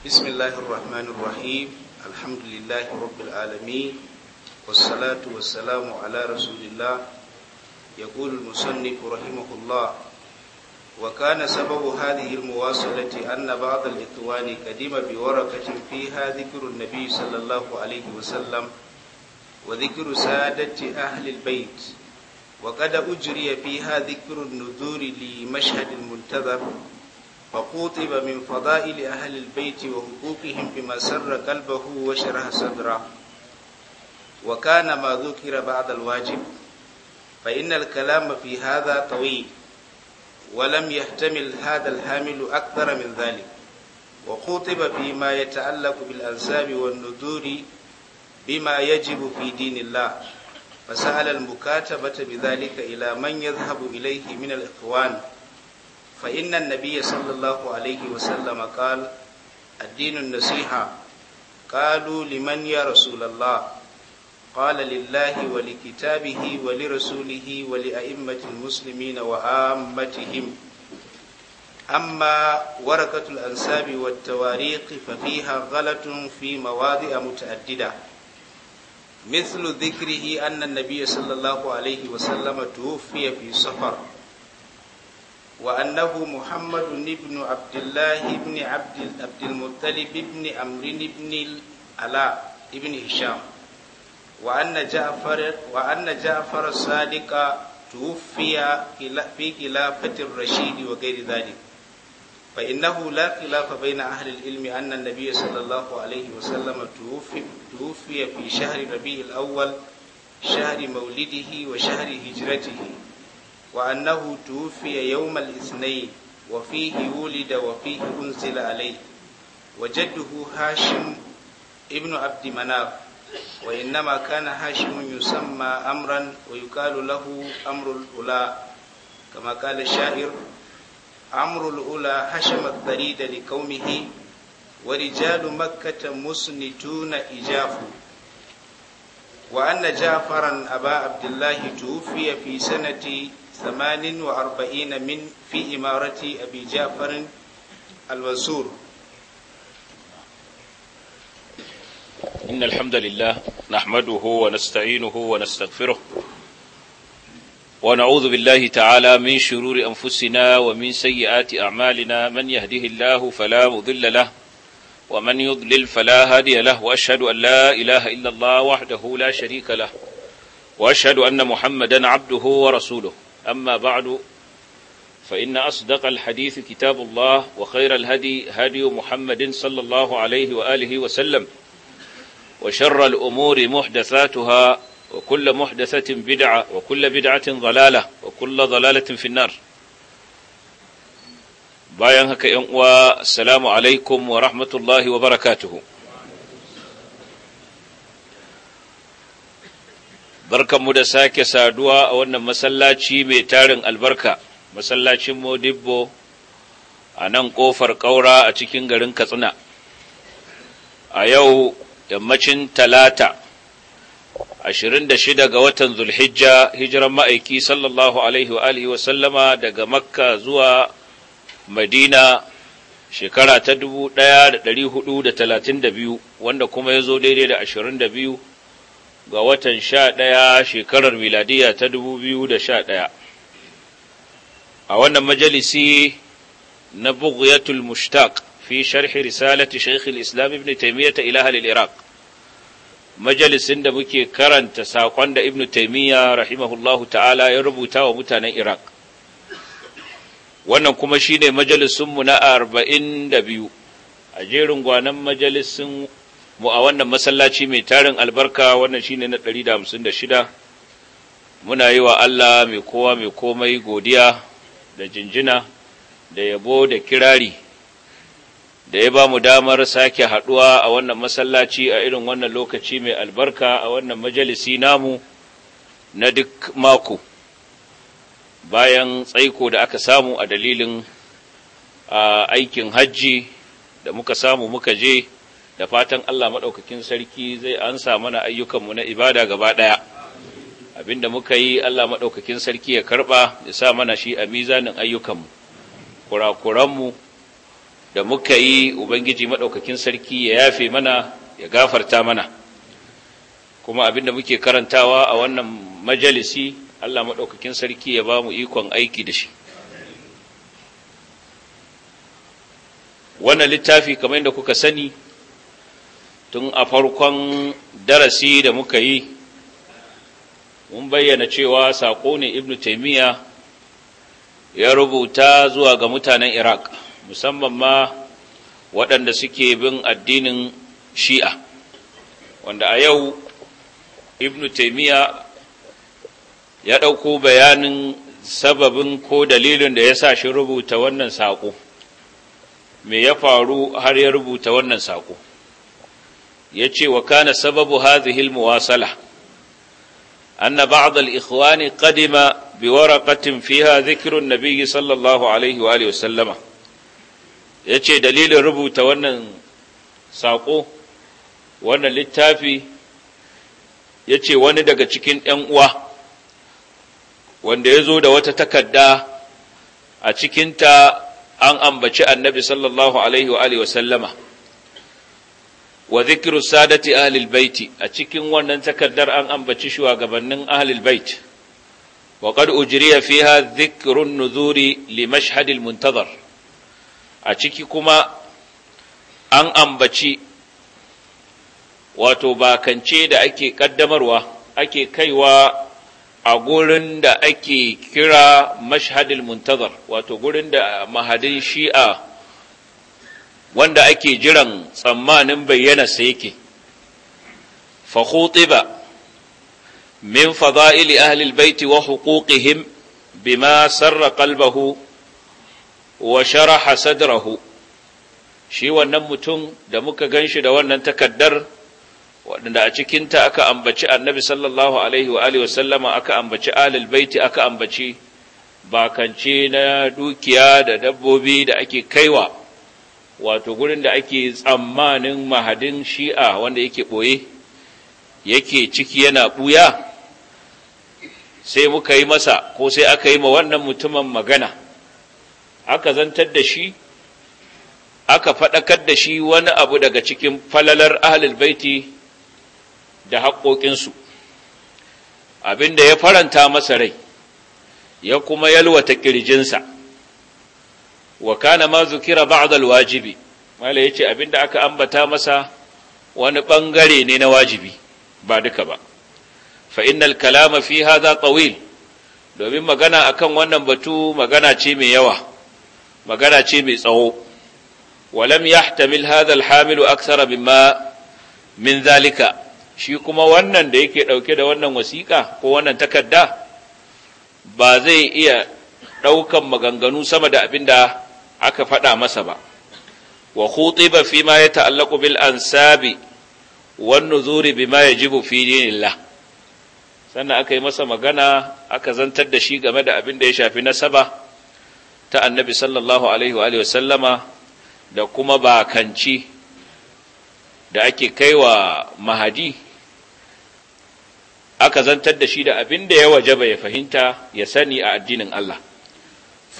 بسم الله الرحمن الرحيم الحمد لله رب العالمين والصلاة والسلام على رسول الله يقول المصنف رحمه الله وكان سبب هذه المواصلة أن بعض الإخوان قدم بورقة فيها ذكر النبي صلى الله عليه وسلم وذكر سادة أهل البيت وقد أجري فيها ذكر النذور لمشهد المنتظر فقوطب من فضائل أهل البيت وحقوقهم بما سر قلبه وشرح صدره وكان ما ذكر بعد الواجب فإن الكلام في هذا طويل ولم يحتمل هذا الحامل أكثر من ذلك وخطب فيما يتعلق بالأنساب والنذور بما يجب في دين الله فسأل المكاتبة بذلك إلى من يذهب إليه من الإخوان فإن النبي صلى الله عليه وسلم قال الدين النصيحة قالوا لمن يا رسول الله قال لله ولكتابه ولرسوله ولأئمة المسلمين وعامتهم أما ورقة الأنساب والتواريق ففيها غلط في مواضع متعددة مثل ذكره أن النبي صلى الله عليه وسلم توفي في سفر وأنه محمد بن عبد الله بن عبد عبد المطلب بن عمرو بن العلاء بن هشام وأن جعفر وأن جعفر الصادق توفي في خلافة الرشيد وغير ذلك فإنه لا خلاف بين أهل العلم أن النبي صلى الله عليه وسلم توفي, توفي في شهر ربيع الأول شهر مولده وشهر هجرته وأنه توفي يوم الاثنين وفيه ولد وفيه أنزل عليه وجده هاشم ابن عبد مناف وإنما كان هاشم يسمى أمرا ويقال له أمر الأولى كما قال الشاعر أمر الأولى هشم الثريد لقومه ورجال مكة مسنتون إجاف وأن جعفرا أبا عبد الله توفي في سنة ثمان وأربعين من في إمارة أبي جعفر الوزور إن الحمد لله نحمده ونستعينه ونستغفره ونعوذ بالله تعالى من شرور أنفسنا ومن سيئات أعمالنا من يهده الله فلا مضل له ومن يضلل فلا هادي له وأشهد أن لا إله إلا الله وحده لا شريك له وأشهد أن محمدا عبده ورسوله أما بعد فإن أصدق الحديث كتاب الله وخير الهدي هدي محمد صلى الله عليه وآله وسلم وشر الأمور محدثاتها وكل محدثة بدعة وكل بدعة ضلالة وكل ضلالة في النار باين هكا السلام عليكم ورحمة الله وبركاته barkanmu da sake saduwa a wannan masallaci mai tarin albarka masallacin modibbo a nan ƙofar ƙaura a cikin garin katsina a yau yammacin talata 26 ga watan zulhijja hijiran ma'aiki sallallahu alaihi wa alihi wasallama daga makka zuwa madina shekara ta 1432 wanda kuma ya zo daidai da 22 ga watan sha ɗaya shekarar miladiya ta dubu biyu da sha ɗaya a wannan majalisi na bughyatul mushtaq fi sharhi risalati shaykh islam ibn taymiyyah ta ahli iraq majalisin da muke karanta sakon da ibn taymiyyah rahimahullahu ta'ala ya rubuta wa mutanen iraq wannan kuma shine majalisin mu na 42 a jerin gwanan majalisin mu a wannan masallaci mai tarin albarka wannan shine na 156 muna yi wa Allah mai kowa mai komai godiya da jinjina da yabo da kirari da ya ba mu damar sake haduwa a wannan masallaci a irin wannan lokaci mai albarka a wannan majalisi namu na duk mako bayan tsaiko da aka samu a dalilin aikin hajji da muka samu muka je da fatan Allah maɗaukakin sarki zai ansa mana ayyukanmu na ibada gaba ɗaya abinda muka yi Allah maɗaukakin sarki ya karɓa ya sa mana shi a mizanin ayyukanmu kurakuranmu da muka yi ubangiji maɗaukakin sarki ya yafe mana ya gafarta mana kuma abinda muke karantawa a wannan majalisi Allah maɗaukakin sarki ya ba mu ikon aiki da shi wannan littafi kamar yadda kuka sani tun a farkon darasi da muka yi mun bayyana cewa saƙo ne ibn taimiyya ya rubuta zuwa ga mutanen iraq musamman ma waɗanda suke bin addinin shi'a wanda a yau ibn taimiyya ya ɗauko bayanin sababin ko dalilin da ya sa shi rubuta wannan saƙo me ya faru har ya rubuta wannan saƙo yace wa kana sababu hadhihi muwasala anna ba'd kadima qadima biwaraqatin fiha dhikru an-nabiy sallallahu alaihi wa alihi wa sallama yace dalilin rubuta wannan sako wannan littafi yace wani daga cikin ɗan uwa wanda ya zo da wata takarda a cikinta an ambaci annabi sallallahu alaihi wa sallama wa zikiru sadati ahlil baiti a cikin wannan takardar an ambaci shugabannin ahlil bait wa ujiriya ujriya fiha dhikrun nuzuri li mashhadil muntazar a ciki kuma an ambaci wato bakance da ake kaddamarwa ake kaiwa a gurin da ake kira mashhadil muntazar wato gurin da mahadin shi'a wanda ake jiran tsammanin bayyana sa yake fa khutiba min fada'ili ahli albayt wa huquqihim bima sarra qalbahu wa sharaha sadrahu shi wannan mutum da muka ganshi da wannan takaddar wadanda a cikinta aka ambaci annabi sallallahu alaihi wa alihi wasallama aka ambaci ahlil baiti aka ambaci bakance na dukiya da dabbobi da ake kaiwa wato gurin da ake tsammanin mahadin shi'a wanda yake ɓoye yake ciki yana ɓuya sai muka yi masa ko sai aka yi ma wannan mutumin magana aka zantar da shi aka faɗakar da shi wani abu daga cikin falalar ahalil baiti da haƙoƙinsu abinda ya faranta masa rai ya kuma yalwata ƙirjinsa wa kana ma zukira ba'd alwajibi mala yace abinda aka ambata masa wani bangare ne na wajibi ba duka ba fa innal kalama fi hadha tawil domin magana akan wannan batu magana ce mai yawa magana ce mai tsawo walam yahtamil hadha alhamilu akthara mimma min zalika shi kuma wannan da yake dauke da wannan wasiƙa ko wannan takarda ba zai iya daukan maganganu sama da abinda aka faɗa masa ba wa khutiba fi ma yata'allaqu bil ansabi wan nuzuri bima yajibu fi dinillah sannan aka yi masa magana aka zantar da shi game da abin da ya shafi nasaba ta annabi sallallahu alaihi wa alihi wasallama da kuma bakanci da ake kaiwa mahadi aka zantar da shi da abin da ya wajaba ya fahimta ya sani a addinin Allah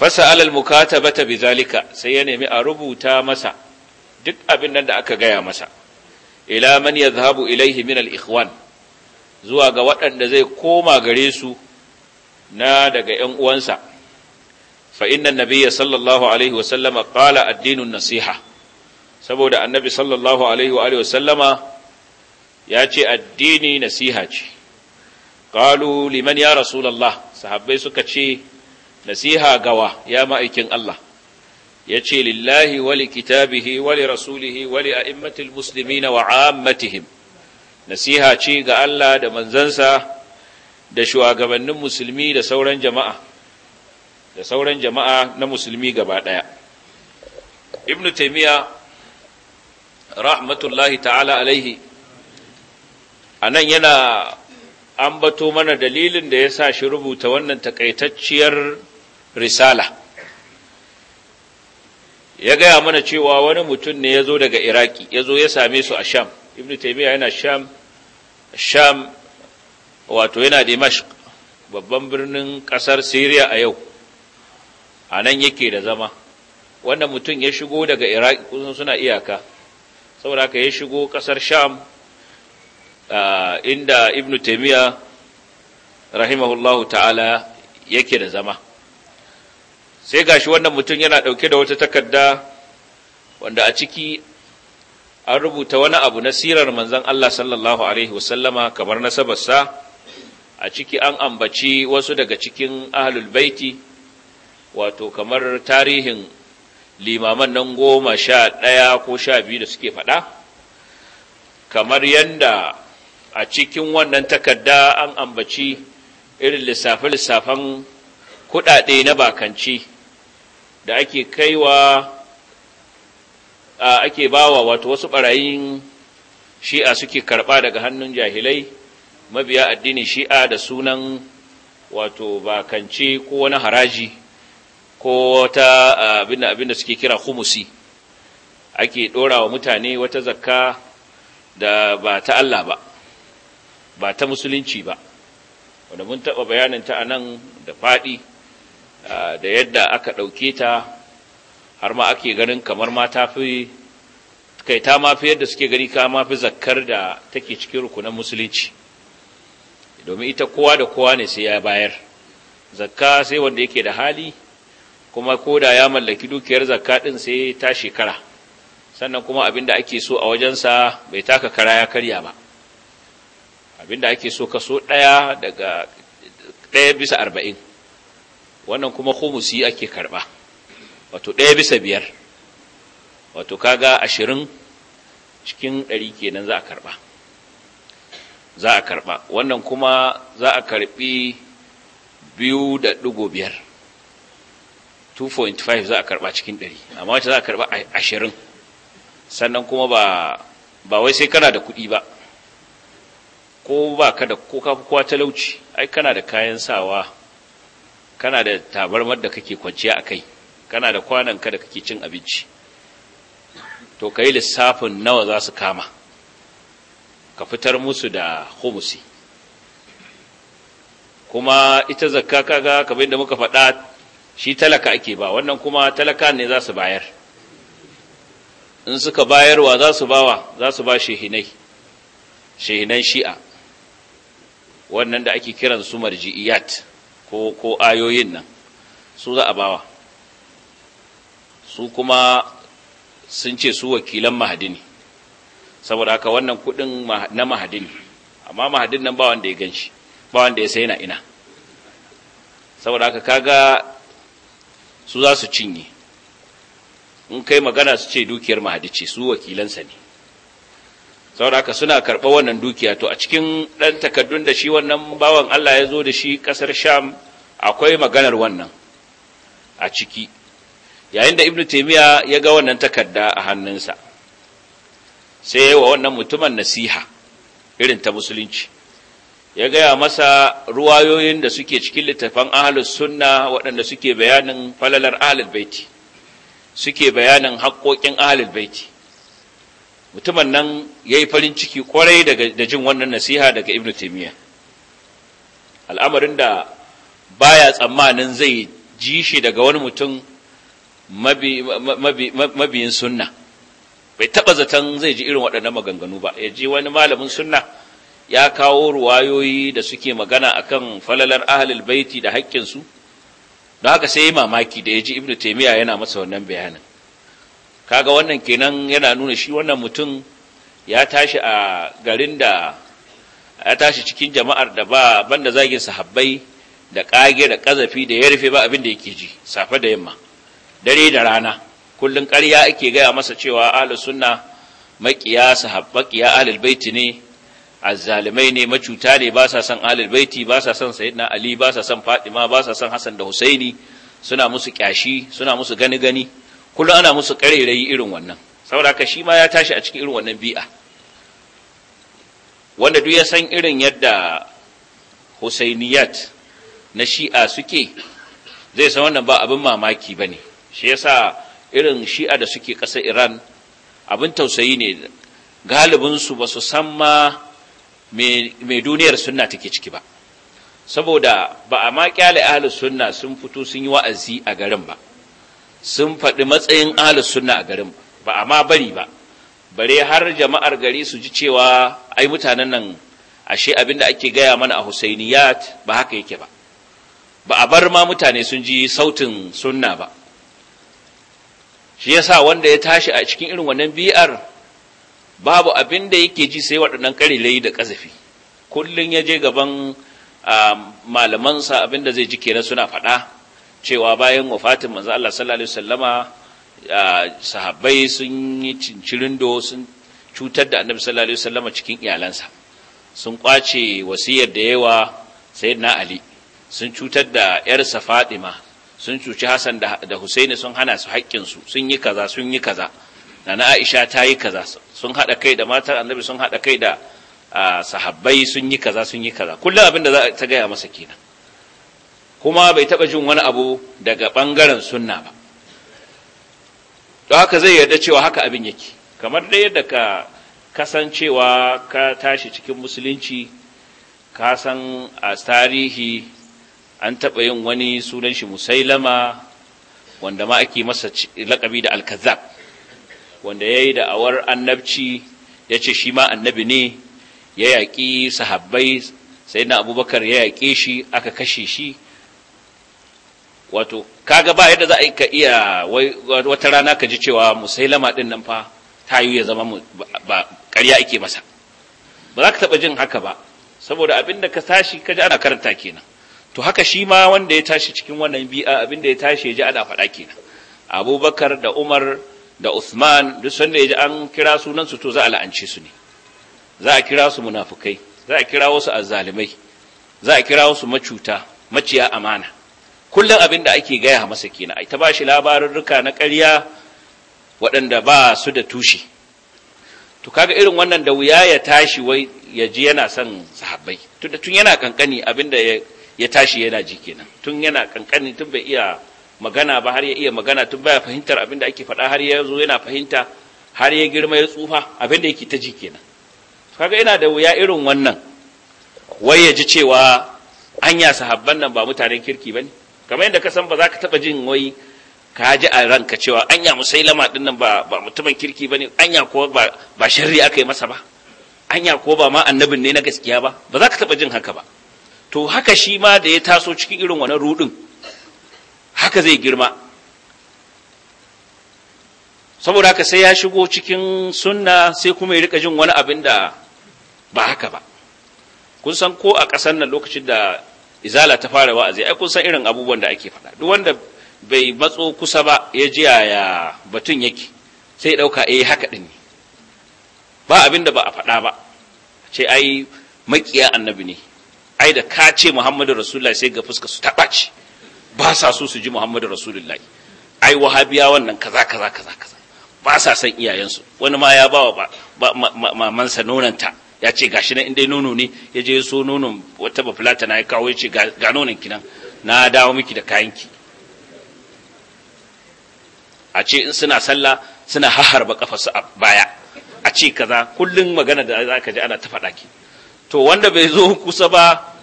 fasa alal bata bizalika sai ya nemi a rubuta masa duk abin nan da aka gaya masa ila man zahabu ilaihi min al-ikhwan zuwa ga waɗanda zai koma gare su na daga 'yan uwansa fa inna nabiyya sallallahu alaihi wa sallama qala nasiha saboda annabi sallallahu alaihi wa ya ce addini nasiha ce qalu liman ya rasulullah sahabbai suka ce nasiha gawa ya ma'aikin Allah ya ce lillahi wali kitabihi wali rasulihi wali a'immatil muslimina wa ammatihim nasiha ce ga Allah da manzansa da shugabannin musulmi da sauran jama'a da sauran jama'a na musulmi gaba ɗaya. ibn taymiya rahmatullahi ta'ala alaihi anan yana ambato mana dalilin da ya sa shi rubuta wannan takaitacciyar risala ya gaya mana cewa wani mutum ne ya zo daga iraki ya zo ya same su a sham ibn taimiyya yana sham sham wato yana dimashq babban birnin kasar syria a yau a nan yake da zama wannan mutum ya shigo daga iraki kusan suna iyaka saboda haka ya shigo kasar sham inda ibn taimiyya rahimahullahu ta'ala yake da zama sai gashi wannan mutum yana ɗauke da wata takarda wanda a ciki an rubuta wani abu na sirar manzon Allah sallallahu alaihi wasallama kamar nasabarsa a ciki an ambaci wasu daga cikin ahlul baiti wato kamar tarihin limaman nan goma sha ɗaya ko sha biyu da suke faɗa kamar yadda a cikin wannan takarda an ambaci irin lissafe-lissafen kuɗaɗe na bakanci da ake kaiwa ake bawa wato wasu ɓarayin shi'a suke karɓa daga hannun jahilai mabiya addini shi'a da sunan wato bakanci ko wani haraji ko wata abin abinda suke kira humusi ake ɗora wa mutane wata zakka da ba ta Allah ba ba ta musulunci ba wanda mun taɓa bayanin ta a nan da faɗi Ah, da yadda aka ɗauke ta har ma ake ganin kamar ma ta fi kai ta ma fi yadda suke gani ka ma fi zakkar da take cikin rukunan musulunci domin ita kowa da kowa ne sai ya bayar zakka sai wanda yake da hali kuma ko da ya mallaki dukiyar zakka din sai ta shekara sannan kuma abin abinda ake so a wajensa bai taka kara ya karya ba Abin abinda ake so kaso ɗaya daga ɗaya bisa arba'in wannan kuma khumusi ake karba wato ɗaya bisa biyar wato kaga ashirin cikin ɗari kenan za a karba za a karba wannan kuma za a karbi biyu da ɗigo biyar 2.5 za a karba cikin ɗari amma wacce za a karba ashirin sannan kuma ba ba wai sai kana da kuɗi ba ko ba ka da ko kowa talauci ai kana da kayan sawa kana da tabarmar da kake kwanciya a kai kana da kwananka da kake cin abinci to ka yi lissafin nawa za su kama ka fitar musu da humusi kuma ita zakka kaga kamar da muka faɗa shi talaka ake ba wannan kuma talaka ne za su bayar in suka bayarwa za su bawa za su ba shehinai shehinan shi'a wannan da ake kiran su marji'iyat ko ko ayoyin nan su za a bawa su kuma sun ce su wakilan mahadi ne saboda haka wannan kudin na mahadi ne amma mahadin nan ba wanda ya ganshi ba wanda ya sai na ina saboda haka kaga su za su cinye in kai magana su ce dukiyar mahadi ce su wakilansa ne sauraka suna karɓa wannan dukiya to a cikin ɗan takaddun da shi wannan bawan Allah ya zo da shi ƙasar sham akwai maganar wannan a ciki yayin da ibnu taimiyya ya ga wannan takarda a hannunsa sai ya yi wa wannan mutumin nasiha irin ta musulunci ya gaya masa ruwayoyin da suke cikin littafan ahalus sunna waɗanda suke bayanin falalar ahalul baiti suke bayanin haƙƙoƙin ahalul baiti mutumin nan ya yi farin ciki kwarai da jin wannan nasiha daga ibn taimiyya al'amarin da ba ya tsammanin zai ji shi daga wani mutum mabiyin sunna bai taɓa zaton zai ji irin waɗannan maganganu ba ya ji wani malamin sunna ya kawo ruwayoyi da suke magana akan falalar ahalil baiti da haƙƙinsu don haka sai yi mamaki da ya ji ibn taimiyya yana masa wannan bayanin kaga wannan kenan yana nuna shi wannan mutum ya tashi a garin da ya tashi cikin jama'ar da ba banda zagin sahabbai da kage da kazafi da ya rufe ba abin da yake ji safe da yamma dare da rana kullun ƙarya ake gaya masa cewa ahlus sunna maƙiya sahabba maƙiya ahlul baiti ne azzalimai ne macuta ne ba sa son ahlul baiti ba sa son sayyidina ali ba sa son fatima ba sa son hasan da husaini suna musu kyashi suna musu gani gani kullum ana musu ƙarairayi irin wannan saboda ka shi ma ya tashi a cikin irin wannan bi'a wanda duk ya san irin yadda husainiyat na shi'a suke zai san wannan ba abin mamaki ba ne shi yasa irin shi'a da suke ƙasar iran abin tausayi ne galibinsu ba su san ma mai duniyar sunna take ciki ba saboda ba a ma kyale sunna sun fito sun yi wa'azi a garin ba sun faɗi matsayin ahlus sunna a garin ba amma bari ba bare har jama'ar gari su ji cewa ai mutanen nan ashe abin da ake gaya mana a Husainiyat ba haka yake ba ba a bar ma mutane sun ji sautin sunna ba shi yasa wanda ya tashi a cikin irin wannan bi'ar babu abin da yake ji sai waɗannan ƙarilai da ƙazafi kullum ya je gaban ah, malamansa abin da zai ji kenan suna faɗa cewa bayan wafatin manzo Allah sallallahu alaihi wasallama sahabbai sun yi cincirindo sun cutar da annabi sallallahu alaihi wasallama cikin iyalansa sun kwace wasiyar da yawa sayyidina ali sun cutar da yarsa fatima sun cuci hasan da husaini sun hana su haƙƙinsu sun yi kaza sun yi kaza nana aisha ta yi kaza sun haɗa kai da matar annabi sun haɗa kai da sahabbai sun yi kaza sun yi kaza kullum abin da za ta gaya masa kenan kuma bai taɓa jin wani abu daga ɓangaren sunna ba To haka zai yarda cewa haka abin yake kamar dai yadda ka kasancewa ka tashi cikin musulunci ka san a tarihi an taɓa yin wani sunan shi musailama wanda ma ake masa lakabi da alkazab wanda ya yi awar annabci ya ce shi ma annabi ne ya yaƙi sahabbai sai na abubakar ya yaƙe shi aka kashe shi wato kaga ba yadda za a yi ka iya wata rana ka ji cewa musailama din nan fa ta yi ya zama ba ƙarya ake masa ba za ka taɓa jin haka ba saboda abin da ka tashi ka ji ana karanta kenan to haka shi ma wanda ya tashi cikin wannan bi'a abin da ya tashi ya ji ana faɗa kenan abubakar da umar da usman duk sanda ya ji an kira sunan su to za a la'ance su ne za a kira su munafukai za a kira wasu azzalimai za a kira wasu macuta maciya amana kullum abin da ake gaya masa kenan ai ta ba shi labarurruka na ƙarya waɗanda ba su da tushe to kaga irin wannan da wuya ya tashi wai ya ji yana son sahabbai tun yana kankani abin da ya tashi yana ji kenan tun yana kankani tun bai iya magana ba har ya iya magana tun baya fahimtar abin da ake faɗa har ya zo yana fahimta har ya girma ya tsufa abin da yake ta ji kenan kaga yana da wuya irin wannan wai ya ji cewa anya sahabban nan ba mutanen kirki bane kamar yadda ka san ba za ka taɓa jin wai ka ji a ranka cewa anya musailama din nan ba mutumin kirki bane anya ko ba ba sharri aka yi masa ba anya ko ba ma annabin ne na gaskiya ba ba za ka taba jin haka ba to haka shi ma da ya taso cikin irin wannan rudin haka zai girma saboda haka sai ya shigo cikin sunna sai kuma ya rika jin wani abin da ba haka ba kun san ko a ƙasar nan lokacin da izala ta fara wa'azi ai kun san irin abubuwan da ake faɗa duk wanda bai matso kusa ba ya ji ya batun yake sai ɗauka eh haka ɗin ne ba abin da ba a faɗa ba ce ai makiya annabi ne ai da ka ce muhammadu rasulullahi sai ga fuska su taɓa ce ba sa so su ji muhammadu rasulullahi ai wahabiya wannan kaza kaza kaza kaza ba sa san iyayensu wani ma ya ba wa mamansa nonanta ya ce gashi na inda nono ne ya je so nonon wata bafulata na ya kawo ya ce ga nonon kinan na dawo miki da kayanki a ce in suna sallah suna haharba su a baya a ce kaza kullum magana da za ka ji ana ta faɗa ki to wanda bai zo kusa ba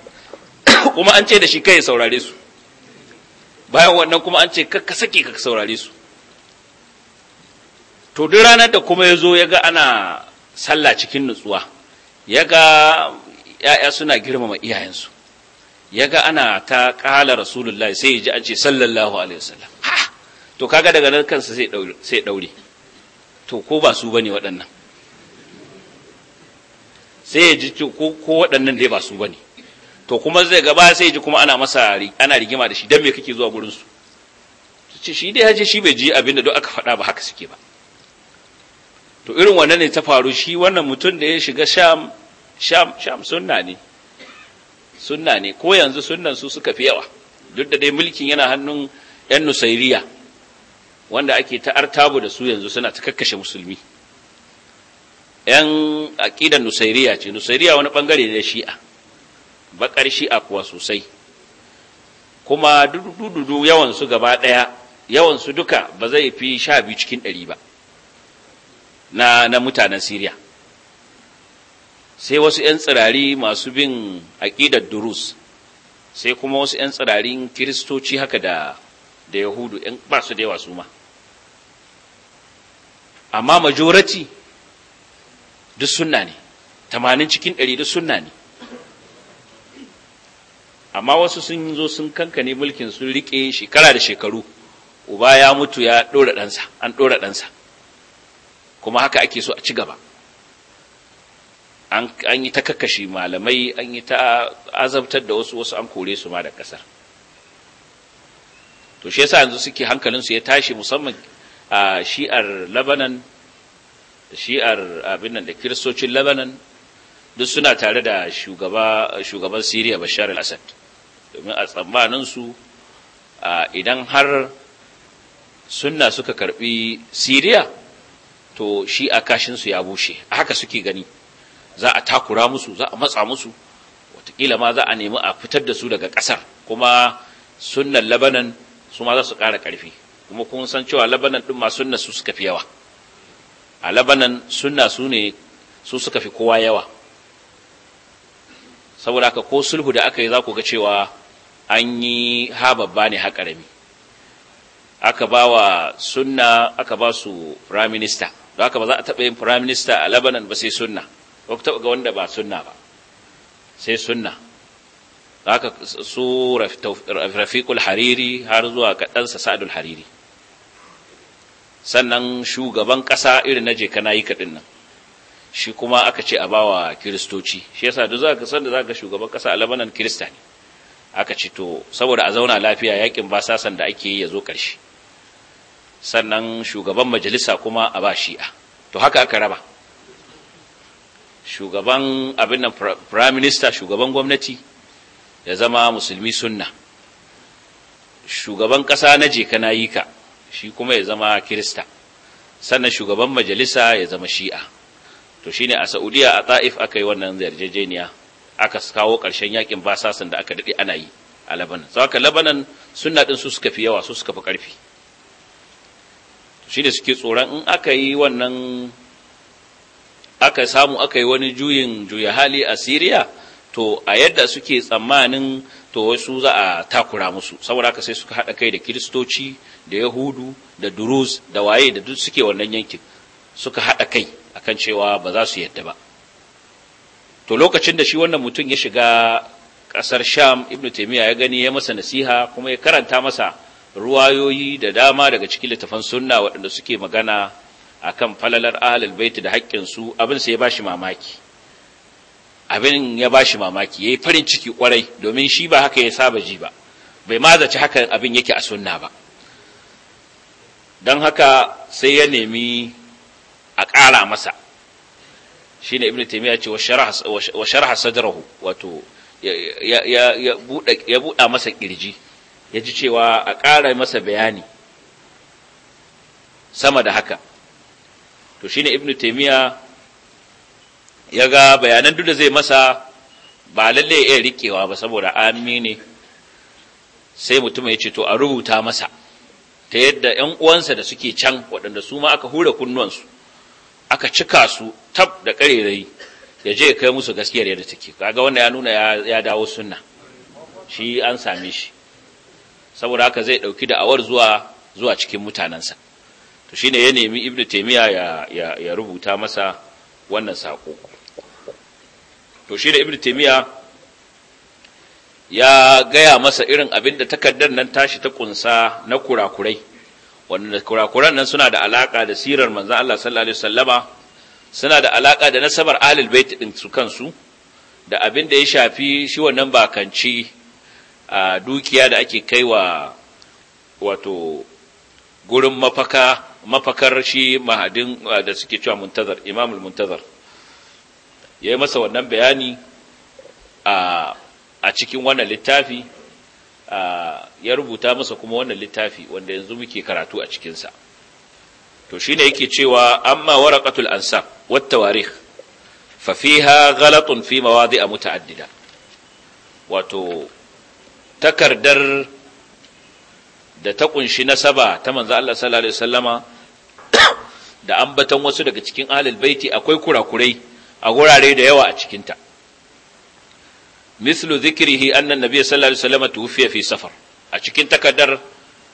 kuma an ce da shi kai saurare su bayan wannan kuma an ce ka sake ka saurare su to duk ranar da kuma ya zo ya ga ana sallah cikin nutsuwa ya ga ‘ya'ya suna girmama iyayensu ya ga ana ta ƙala rasulullahi sai ya ji an ce sallallahu alaihi wasallam to kaga daga nan kansa sai ɗaure to ko ba su ba ne waɗannan sai ya ji ko waɗannan dai ba su ba ne to kuma zai gaba sai ji kuma ana masa ana rigima da shi don me kake zuwa gurinsu ce shi dai ya ce shi bai ji abin da duk aka faɗa ba haka suke ba to irin wannan ne ta faru shi wannan mutum da ya shiga sham sham sham sunna ne sunna ne ko yanzu sunnan su suka fi yawa duk da dai mulkin yana hannun yan nusairiya wanda ake ta artabu da su yanzu suna ta kakkashe musulmi yan aƙidan nusairiya ce nusairiya wani bangare ne shi'a bakar shi'a kuwa sosai kuma dududu yawan su gaba daya yawan su duka ba zai fi 12 cikin 100 ba na na mutanen Siriya. sai wasu 'yan tsirari masu bin aƙidar durus sai kuma wasu 'yan tsirarin kiristoci haka da da yahudu ba su da yawa su ma amma majorati duk sunna ne tamanin cikin ɗari duk sunna ne amma wasu sun zo sun kankane mulkin sun riƙe shekara da shekaru uba ya mutu ya ɗora ɗansa an ɗora ɗansa kuma haka ake so a ci gaba an yi ta kakashi malamai an yi ta azabtar da wasu wasu an kore su ma da kasar to shi yasa yanzu suke su ya tashi musamman a shi'ar labanan da shi'ar abin nan da kiristocin labanan duk suna tare da shugaban siriya bashar al-assad domin a tsammaninsu idan har sunna suka karbi siriya to shi a kashinsu ya bushe a haka suke gani za a takura musu za a matsa musu watakila ma za a nemi a fitar da su daga ƙasar kuma sunnan labanan su ma za su ƙara ƙarfi kuma kun san cewa labanan ɗin ma sunna su suka fi yawa a labanan sunna su ne su suka fi kowa yawa saboda haka ko sulhu da aka yi za ku ga cewa an yi ha babba ne ha ƙarami aka ba wa sunna aka ba su prime minister za haka ba za a taɓa yin prime minister a Lebanon ba sai sunna ba ku taɓa ga wanda ba sunna ba sai sunna za haka su rafiqul hariri har zuwa ga ɗansa sa'adul hariri sannan shugaban ƙasa irin na je kana yi kaɗin nan shi kuma aka ce a bawa kiristoci shi yasa duk za ka san da za ka shugaban ƙasa a Lebanon kirista ne aka ce to saboda a zauna lafiya yakin basasan da ake yi ya zo ƙarshe sannan shugaban majalisa kuma a ba shi'a to haka aka raba shugaban abin nan prime minister shugaban gwamnati ya zama musulmi sunna shugaban ƙasa na je kana yi ka shi kuma ya zama kirista sannan shugaban majalisa ya zama shi'a to shine a saudiya a ta'if aka yi wannan yarjejeniya aka kawo ƙarshen yakin basasin da aka daɗe ana yi a labanan saboda labanan sunna din su suka fi yawa su suka fi ƙarfi shi da suke tsoron in aka yi wannan aka samu aka yi wani juyin juya hali a siriya to a yadda suke tsammanin to wasu za a takura musu saboda haka sai suka haɗa kai da kiristoci da yahudu da duruz da waye da duk suke wannan yankin suka haɗa kai akan cewa ba za su yadda ba to lokacin da shi wannan mutum ya shiga ƙasar sham Ibn taimiyya ya gani ya masa nasiha kuma ya karanta masa ruwayoyi da dama daga cikin littafan sunna waɗanda suke magana a kan falalar ahalar baiti da haƙƙinsu, su abin sai ya bashi mamaki abin ya ba shi mamaki yayi farin ciki kwarai domin shi ba haka ya saba ji ba bai mazaci zaci haka abin yake a sunna ba don haka sai ya nemi a ƙara masa shi ne ibn taimiyya ce wa sharaha wato ya buɗa masa ƙirji ya ji cewa a ƙara masa bayani sama da haka to shine ibnu taimiya ya ga bayanan duk da zai masa ba lalle ya iya riƙewa ba saboda amini sai mutum ya ce to a rubuta masa ta yadda ‘yan uwansa da suke can waɗanda su ma aka hura kunnuwansu aka cika su tab da ƙarerai ya je kai musu gaskiyar yadda take kaga wannan ya nuna ya dawo sunna shi an same shi saboda haka zai ɗauki da'awar zuwa zuwa cikin mutanensa to shine ya nemi ibnu taymiya ya, ya, ya rubuta masa wannan sako to shi ibnu taymiya ya gaya masa irin abin da takardar nan tashi ta kunsa na kurakurai wanda kurakuran nan suna da alaka da sirar manzo Allah sallallahu alaihi wasallama suna da alaka da nasabar alil bait din su kansu da abin da ya shafi shi wannan bakanci dukiya da ake kaiwa wato gurin mafaka mafakar shi mahadin da suke cewa muntazar imamul muntazar ya yi masa wannan bayani a cikin wannan littafi ya rubuta masa kuma wannan littafi wanda yanzu muke karatu a cikinsa to shi ne yake cewa amma waraqatul ansab wat tawarikh fa fiha ghalatun fi mawadi'a muta'addida wato takardar da ta kunshi nasaba ta manzo Allah sallallahu alaihi wasallama da ambaton wasu daga cikin ahlul baiti akwai kurakurai a gurare da yawa a cikin ta mislu zikrihi anna nabiy sallallahu alaihi wasallama tuwfiya fi safar a cikin takardar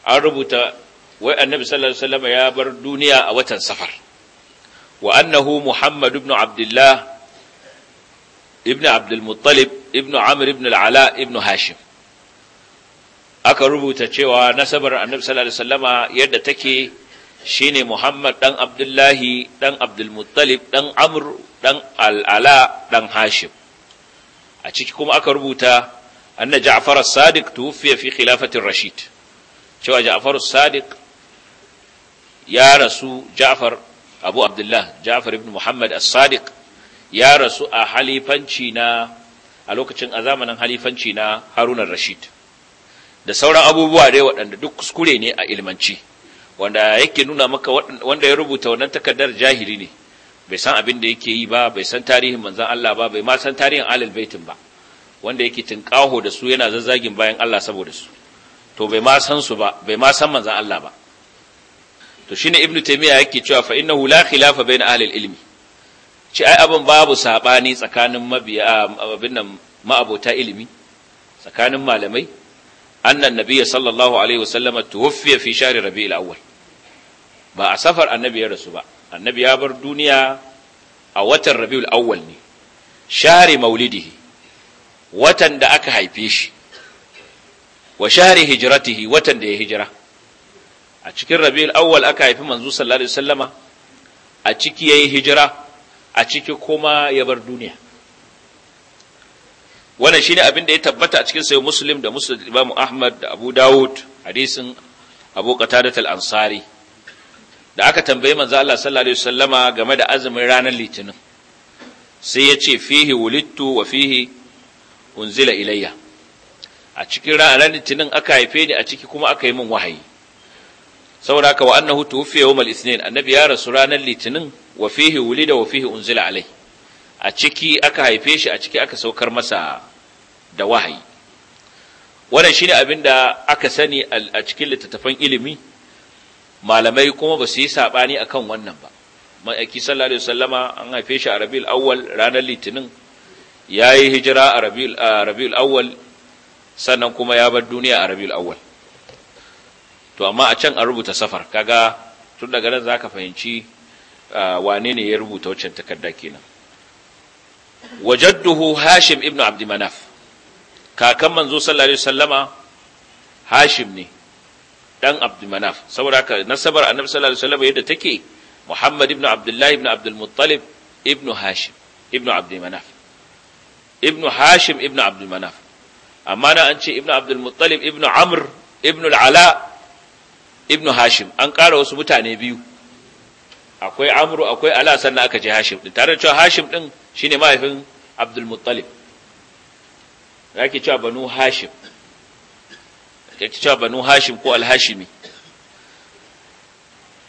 an rubuta wai annabi sallallahu alaihi wasallama ya bar duniya a watan safar wa annahu muhammad ibn abdullah ibn abdul muttalib ibn amr ibn al ala ibn hashim aka rubuta cewa nasabar annabi sallallahu alaihi yadda take shine Muhammad dan Abdullahi dan Abdul Muttalib dan Amr dan Al-Ala dan Hashim a ciki kuma aka rubuta anna Ja'far as-Sadiq tuwfiya fi khilafati ar-Rashid cewa Ja'far as-Sadiq ya rasu Ja'far Abu Abdullah Ja'far ibn Muhammad as-Sadiq ya rasu a halifanci na a lokacin a zamanin halifanci na Harun ar-Rashid da sauran abubuwa dai waɗanda duk kuskure ne a ilmanci wanda yake nuna maka wanda ya rubuta wannan takardar jahili ne bai san abin da yake yi ba bai san tarihin manzon Allah ba bai ma san tarihin alil baitin ba wanda yake tinkaho da su yana zazzagin bayan Allah saboda su to bai ma san su ba bai ma san manzon Allah ba to shine ibnu taymiya yake cewa fa innahu la khilafa bain ahli ilmi ci ai abin babu sabani tsakanin mabiya abin nan ma'abota ilimi tsakanin malamai anna nabiyya sallallahu alaihi wasallama tuwaffiya fi shahri rabi'il awwal ba a safar annabi ya rasu ba annabi ya bar duniya a watan rabi'ul awwal ne share maulidihi watan da aka haife shi wa share hijratihi watan da ya hijira a cikin rabi'ul awwal aka haifi manzo sallallahu alaihi wasallama a ciki yayi hijira a ciki kuma ya bar duniya wannan shine abin da ya tabbata a cikin sahih muslim da musnad imam ahmad da abu dawud hadisin abu qatadah ansari da aka tambaye manzo Allah sallallahu alaihi wasallama game da azumin ranar litinin sai ya ce fihi wulittu wa fihi unzila ilayya a cikin ranar litinin aka haife ni a ciki kuma aka yi min wahayi saboda haka wa annahu tuwfiya yawmal ithnin annabi ya rasu ranar litinin wa fihi wulida wa fihi unzila alayhi a ciki aka haife shi a ciki aka saukar masa da wahayi wannan shine abin da aka sani a cikin littattafan ilimi malamai kuma ba su yi saɓani akan wannan ba ma'aiki sallallahu alaihi wasallama an haife shi a rabiul awwal ranar litinin ya yi hijira a rabiul awwal sannan kuma ya bar duniya a rabiul awwal to amma a can an rubuta safar kaga tun daga nan zaka fahimci wane ne ya rubuta waccan takarda kenan wa jadduhu hashim ibn Abdi manaf kakan manzo sallallahu alaihi wasallama hashim ne dan Abdi manaf saboda haka nasabar annabi sallallahu alaihi wasallama yadda take muhammad ibn Abdullahi, ibn abd al-muttalib ibn hashim ibn Abdi manaf ibn hashim ibn Abdi manaf amma na an ce ibn abd al-muttalib ibn amr ibn al-ala ibn hashim an ƙara wasu mutane biyu akwai amru akwai ala sannan aka ce hashim din tare da cewa hashim din shine mahaifin abdul muttalib yake cewa banu hashim yake cewa banu hashim ko Alhashimi?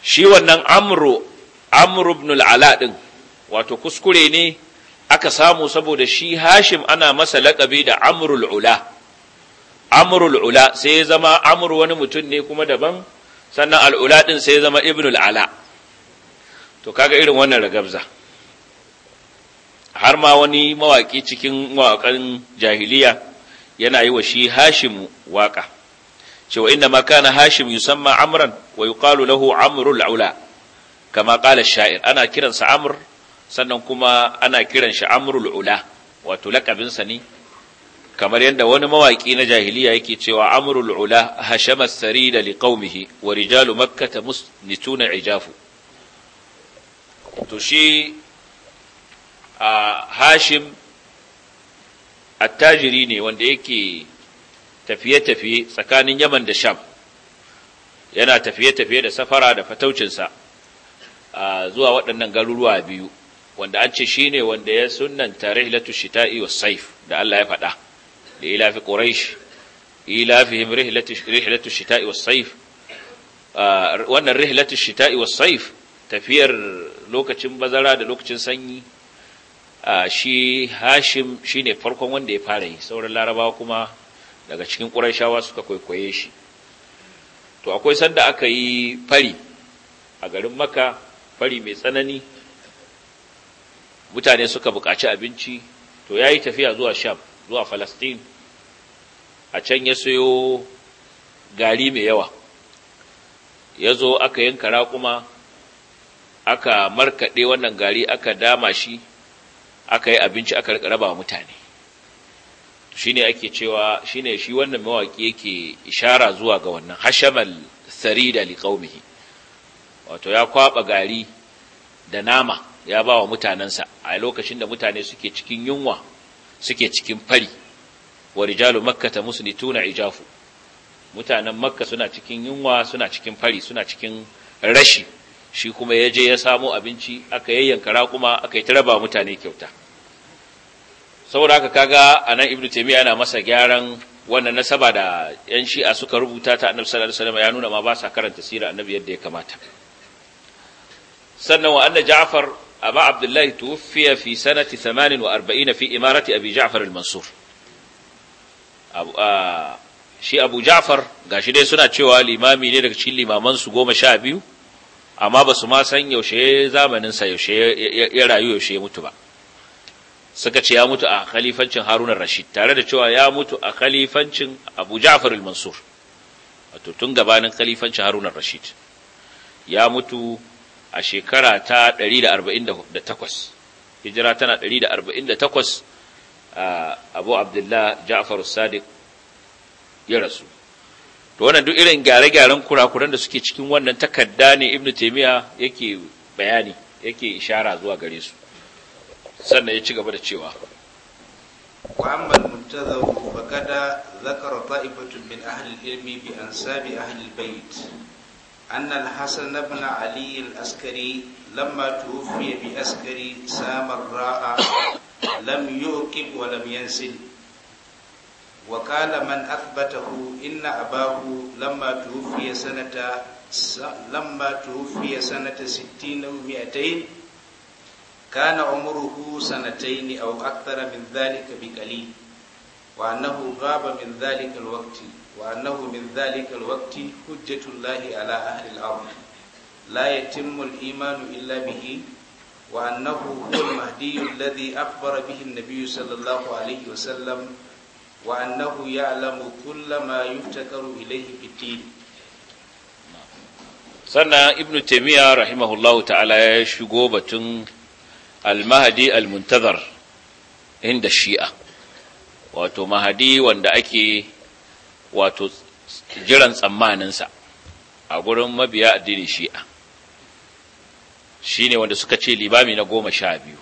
shi wannan amru amru ibn ala din wato kuskure ne aka samu saboda shi hashim ana masa laƙabi da amrul ula amrul ula sai ya zama amru wani mutum ne kuma daban sannan al'ula din sai ya zama ibnul ala to kaga irin wannan ragabza har ma wani mawaki cikin mawakan jahiliya yana yi wa shi hashimu waka cewa inda ma kana hashim yusamma amran wa yuqalu lahu amrul aula kama qala sha'ir ana kiransa amr sannan kuma ana kiran shi amrul ula wato lakabin ne kamar yadda wani mawaki na jahiliya yake cewa amrul ula hashama sarida liqaumihi wa rijalu makkata musnituna ijafu to shi a hashim attajiri ne wanda yake tafiye-tafiye tsakanin yaman da sham yana tafiye-tafiye da safara da fataucinsa zuwa waɗannan garuruwa biyu wanda an ce shi ne wanda ya sunanta rihlatu shita'i wa saif da Allah ya faɗa da ilafi ƙuraish ilafihim rihlatu shita'i wa saif wannan rihlatu shita'i wa saif tafiyar lokacin bazara da lokacin sanyi shi hashim shi ne farkon wanda ya fara yi sauran larabawa kuma daga cikin ƙurashawa suka kwaikwaye shi to akwai sanda aka yi fari a garin maka fari mai tsanani mutane suka buƙaci abinci to ya yi tafiya zuwa sham zuwa falastin a can ya sayo gari mai yawa ya zo aka yanka raƙuma aka markaɗe wannan gari aka dama shi aka yi abinci aka raba mutane ne ake cewa shi ne shi wannan mawaki yake ishara zuwa ga wannan hashamal da liƙaumihi wato ya kwaɓa gari da nama ya ba wa mutanensa a lokacin da mutane suke cikin yunwa suke cikin fari wa rijalu makkata tuna ijafu mutanen makka suna cikin yunwa suna cikin fari suna cikin rashi shi kuma ya je ya samo abinci aka yayyanka raƙuma aka yi taraba mutane kyauta saboda haka kaga anan ibnu taymiya yana masa gyaran wannan nasaba da yan shi'a suka rubuta ta annabi sallallahu alaihi ya nuna ma ba sa karanta sirar annabi yadda ya kamata sannan wa anna ja'far aba abdullahi tuwfiya fi sanati 48 fi imarati abi ja'far al-mansur shi abu ja'far gashi dai suna cewa limami ne daga cikin limaman su goma sha biyu amma ba su ma san yaushe zamaninsa yaushe ya rayu yaushe ya mutu ba suka ce ya mutu a khalifancin haruna rashid tare da cewa ya mutu a khalifancin abu ja'far al-mansur wato tun gabanin khalifancin haruna rashid ya mutu a shekara ta 148 hijira tana 148 abu abdullah ja'far as-sadiq ya rasu to wannan duk irin gyare-gyaren kurakuran da suke cikin wannan takarda ne ibnu taymiya yake bayani yake ishara zuwa gare su sannan ya ci gaba da cewa وأما المنتظر فقد ذكر طائفة من أهل العلم بأنساب أهل البيت أن الحسن بن علي الأسكري لما توفي بأسكري سام الراء لم يوكب ولم ينسل وقال من أثبته إن أباه لما توفي سنة لما توفي سنة ستين ومئتين كان عمره سنتين أو أكثر من ذلك بقليل وأنه غاب من ذلك الوقت وأنه من ذلك الوقت حجة الله على أهل الأرض لا يتم الإيمان إلا به وأنه هو المهدي الذي أخبر به النبي صلى الله عليه وسلم wa annahu ya'lamu kulla ma yuftakaru ilayhi fi sannan ibnu taymiya rahimahullahu ta'ala ya shigo batun al-mahdi al-muntazar inda shi'a wato mahadi wanda ake wato jiran tsammaninsa a gurin mabiya addinin shi'a shine wanda suka ce limami na goma sha biyu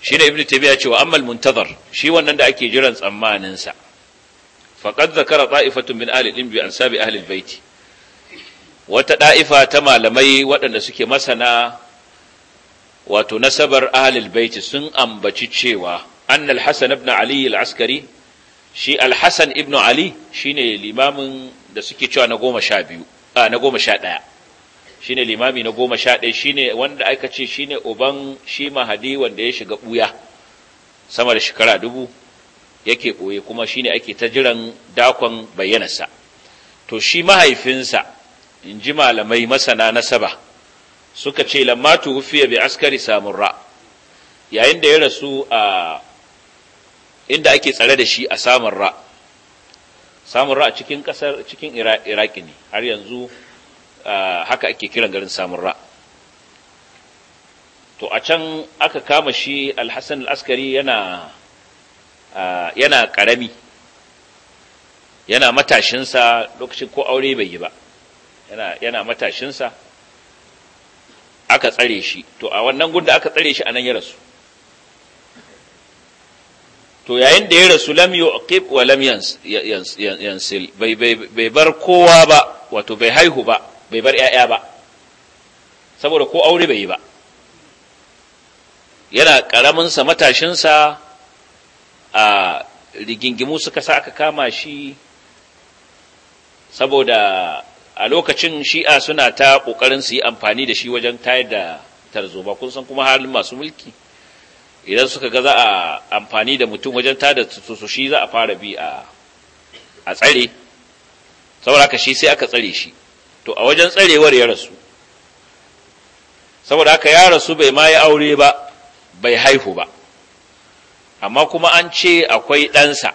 shi da ibnu tabiya cewa ammal muntazar shi wannan da ake jiran tsammanin sa faqad zakara ta'ifatun min ahli al bi ansabi ahli al-bait wata da'ifa ta malamai waɗanda suke masana wato nasabar ahli al sun ambaci cewa anna al-hasan ibn ali al-askari shi al-hasan ibn ali shine limamin da suke cewa na na goma sha ɗaya shine limami na goma sha ɗaya shine wanda aka ce shine uban shi mahadi wanda ya shiga ɓuya sama da shekara dubu yake ɓoye kuma shine ake ta jiran dakon bayyanarsa to shi mahaifinsa in ji malamai masana nasaba suka ce lamma tuhufiya bi askari ra. yayin da ya rasu a inda ake tsare da shi a samurra samurra a cikin ƙasar cikin iraki ne har yanzu Ah, haka ake kiran garin samurra to a can aka kama shi alhassan al'askari yana ah, yana ƙarami yana matashinsa lokacin ko aure bai yi ba yana matashinsa aka tsare shi to a wannan gunda aka tsare shi a nan ya rasu to yayin da ya rasu lam yuqib wa lam yansil bai bar kowa ba wato bai haihu ba bai bar ‘ya'ya ba saboda ko aure bai yi ba yana ƙaraminsa matashinsa a rigingimu suka sa aka kama shi saboda a lokacin shi'a suna ta ƙoƙarin su yi amfani da shi wajen tayar da tarzoma kun san kuma halin masu mulki idan suka ga za a amfani da mutum wajen tada su shi za a fara bi a tsare saboda haka shi sai aka tsare shi to a wajen tsarewar ya rasu saboda haka ya rasu bai ma yi aure ba bai haihu ba amma kuma an ce akwai ɗansa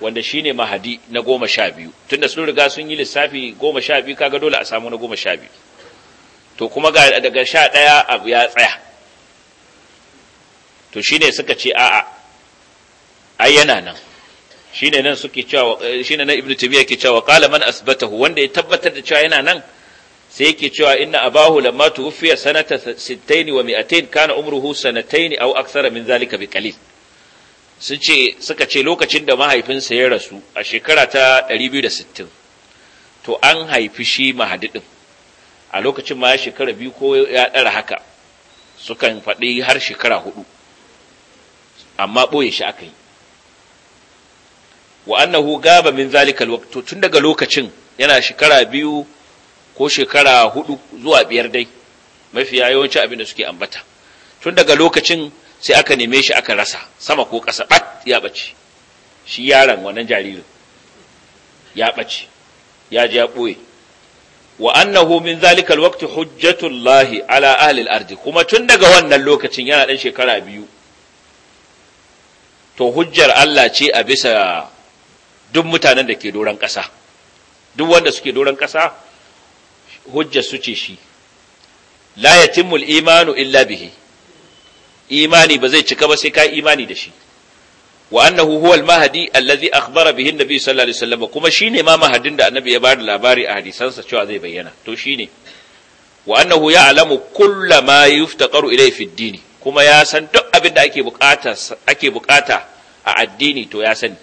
wanda shi ne mahadi na goma sha biyu tunda sun riga sun yi lissafi goma sha biyu kaga dole a samu na goma sha biyu to kuma daga sha ɗaya abu ya tsaya to shi ne suka ce a'a ai yana nan shine nan suke cewa eh, shine nan ibnu tabiya yake cewa qala man asbatahu wanda ya tabbatar da cewa yana nan sai yake cewa inna abahu lamma tuwfiya sanata 60 wa 200 kana umruhu sanatayn aw aksara min zalika bi qalil sun ce suka ce lokacin da mahaifinsa ya rasu a shekara ta 260 to an haifi shi mahadidin a lokacin ma ya shekara biyu ko ya ɗara haka sukan faɗi har shekara hudu amma ɓoye shi aka yi wa annahu gaba min zalikal waqt tun daga lokacin yana shekara biyu ko shekara hudu zuwa biyar dai mafiya yawanci abin da suke ambata tun daga lokacin sai aka neme shi aka rasa sama ko ƙasa bat ya bace shi yaron wannan jaririn ya bace ya ji ya boye wa annahu min zalikal waqt hujjatullahi ala ahli al-ard kuma tun daga wannan lokacin yana dan shekara biyu to hujjar Allah ce a bisa duk mutanen da ke doron ƙasa duk wanda suke doron ƙasa hujjar su ce shi la yatimul imanu illa bihi imani ba zai cika ba sai ka imani da shi wa annahu huwa al-mahdi allazi akhbara bihi an-nabi sallallahu alaihi wasallam kuma shine ma mahadin da annabi ya ba da labari a hadisansa cewa zai bayyana to shine wa annahu ya'lamu kulla ma yuftaqaru ilayhi fi dini, kuma ya san duk abin da ake bukata ake bukata a addini to ya sani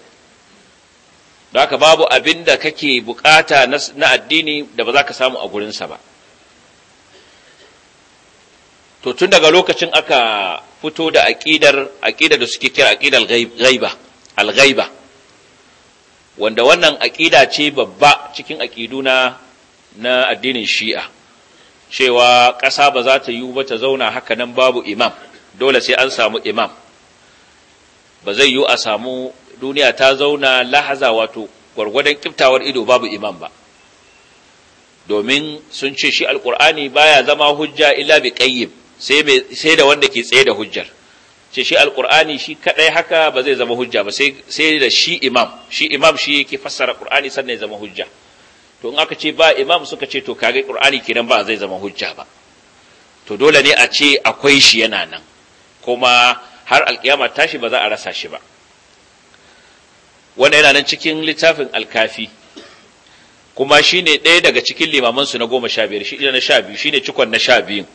don haka babu abin da kake bukata na addini da ba za ka samu a gurinsa ba to tun daga lokacin aka fito da aƙidar aƙidar da suke kira aƙidar ghaiba al-ghaiba wanda wannan aƙida ce babba cikin aƙidu na na addinin shi'a cewa ƙasa ba za ta yi ba ta zauna haka nan babu imam dole sai an samu imam ba zai yi a samu duniya ta zauna lahaza wato gwargwadon kiftawar ido babu imam ba domin sun ce shi alkur'ani baya zama hujja illa bi qayyim sai sai da wanda ke tsaye da hujjar ce shi alkur'ani shi kadai haka ba zai zama hujja ba sai da shi imam shi imam shi yake fassara qur'ani sannan ya zama hujja to in aka ce ba imam suka ce to kage qur'ani kenan ba zai zama hujja ba to dole ne a ce akwai shi yana nan kuma har alkiyama tashi ba za a rasa shi ba wanda yana nan cikin littafin alkafi kuma shi ne ɗaya daga cikin limamansu na goma sha biyar shi na sha biyu shi ne cikon na sha biyun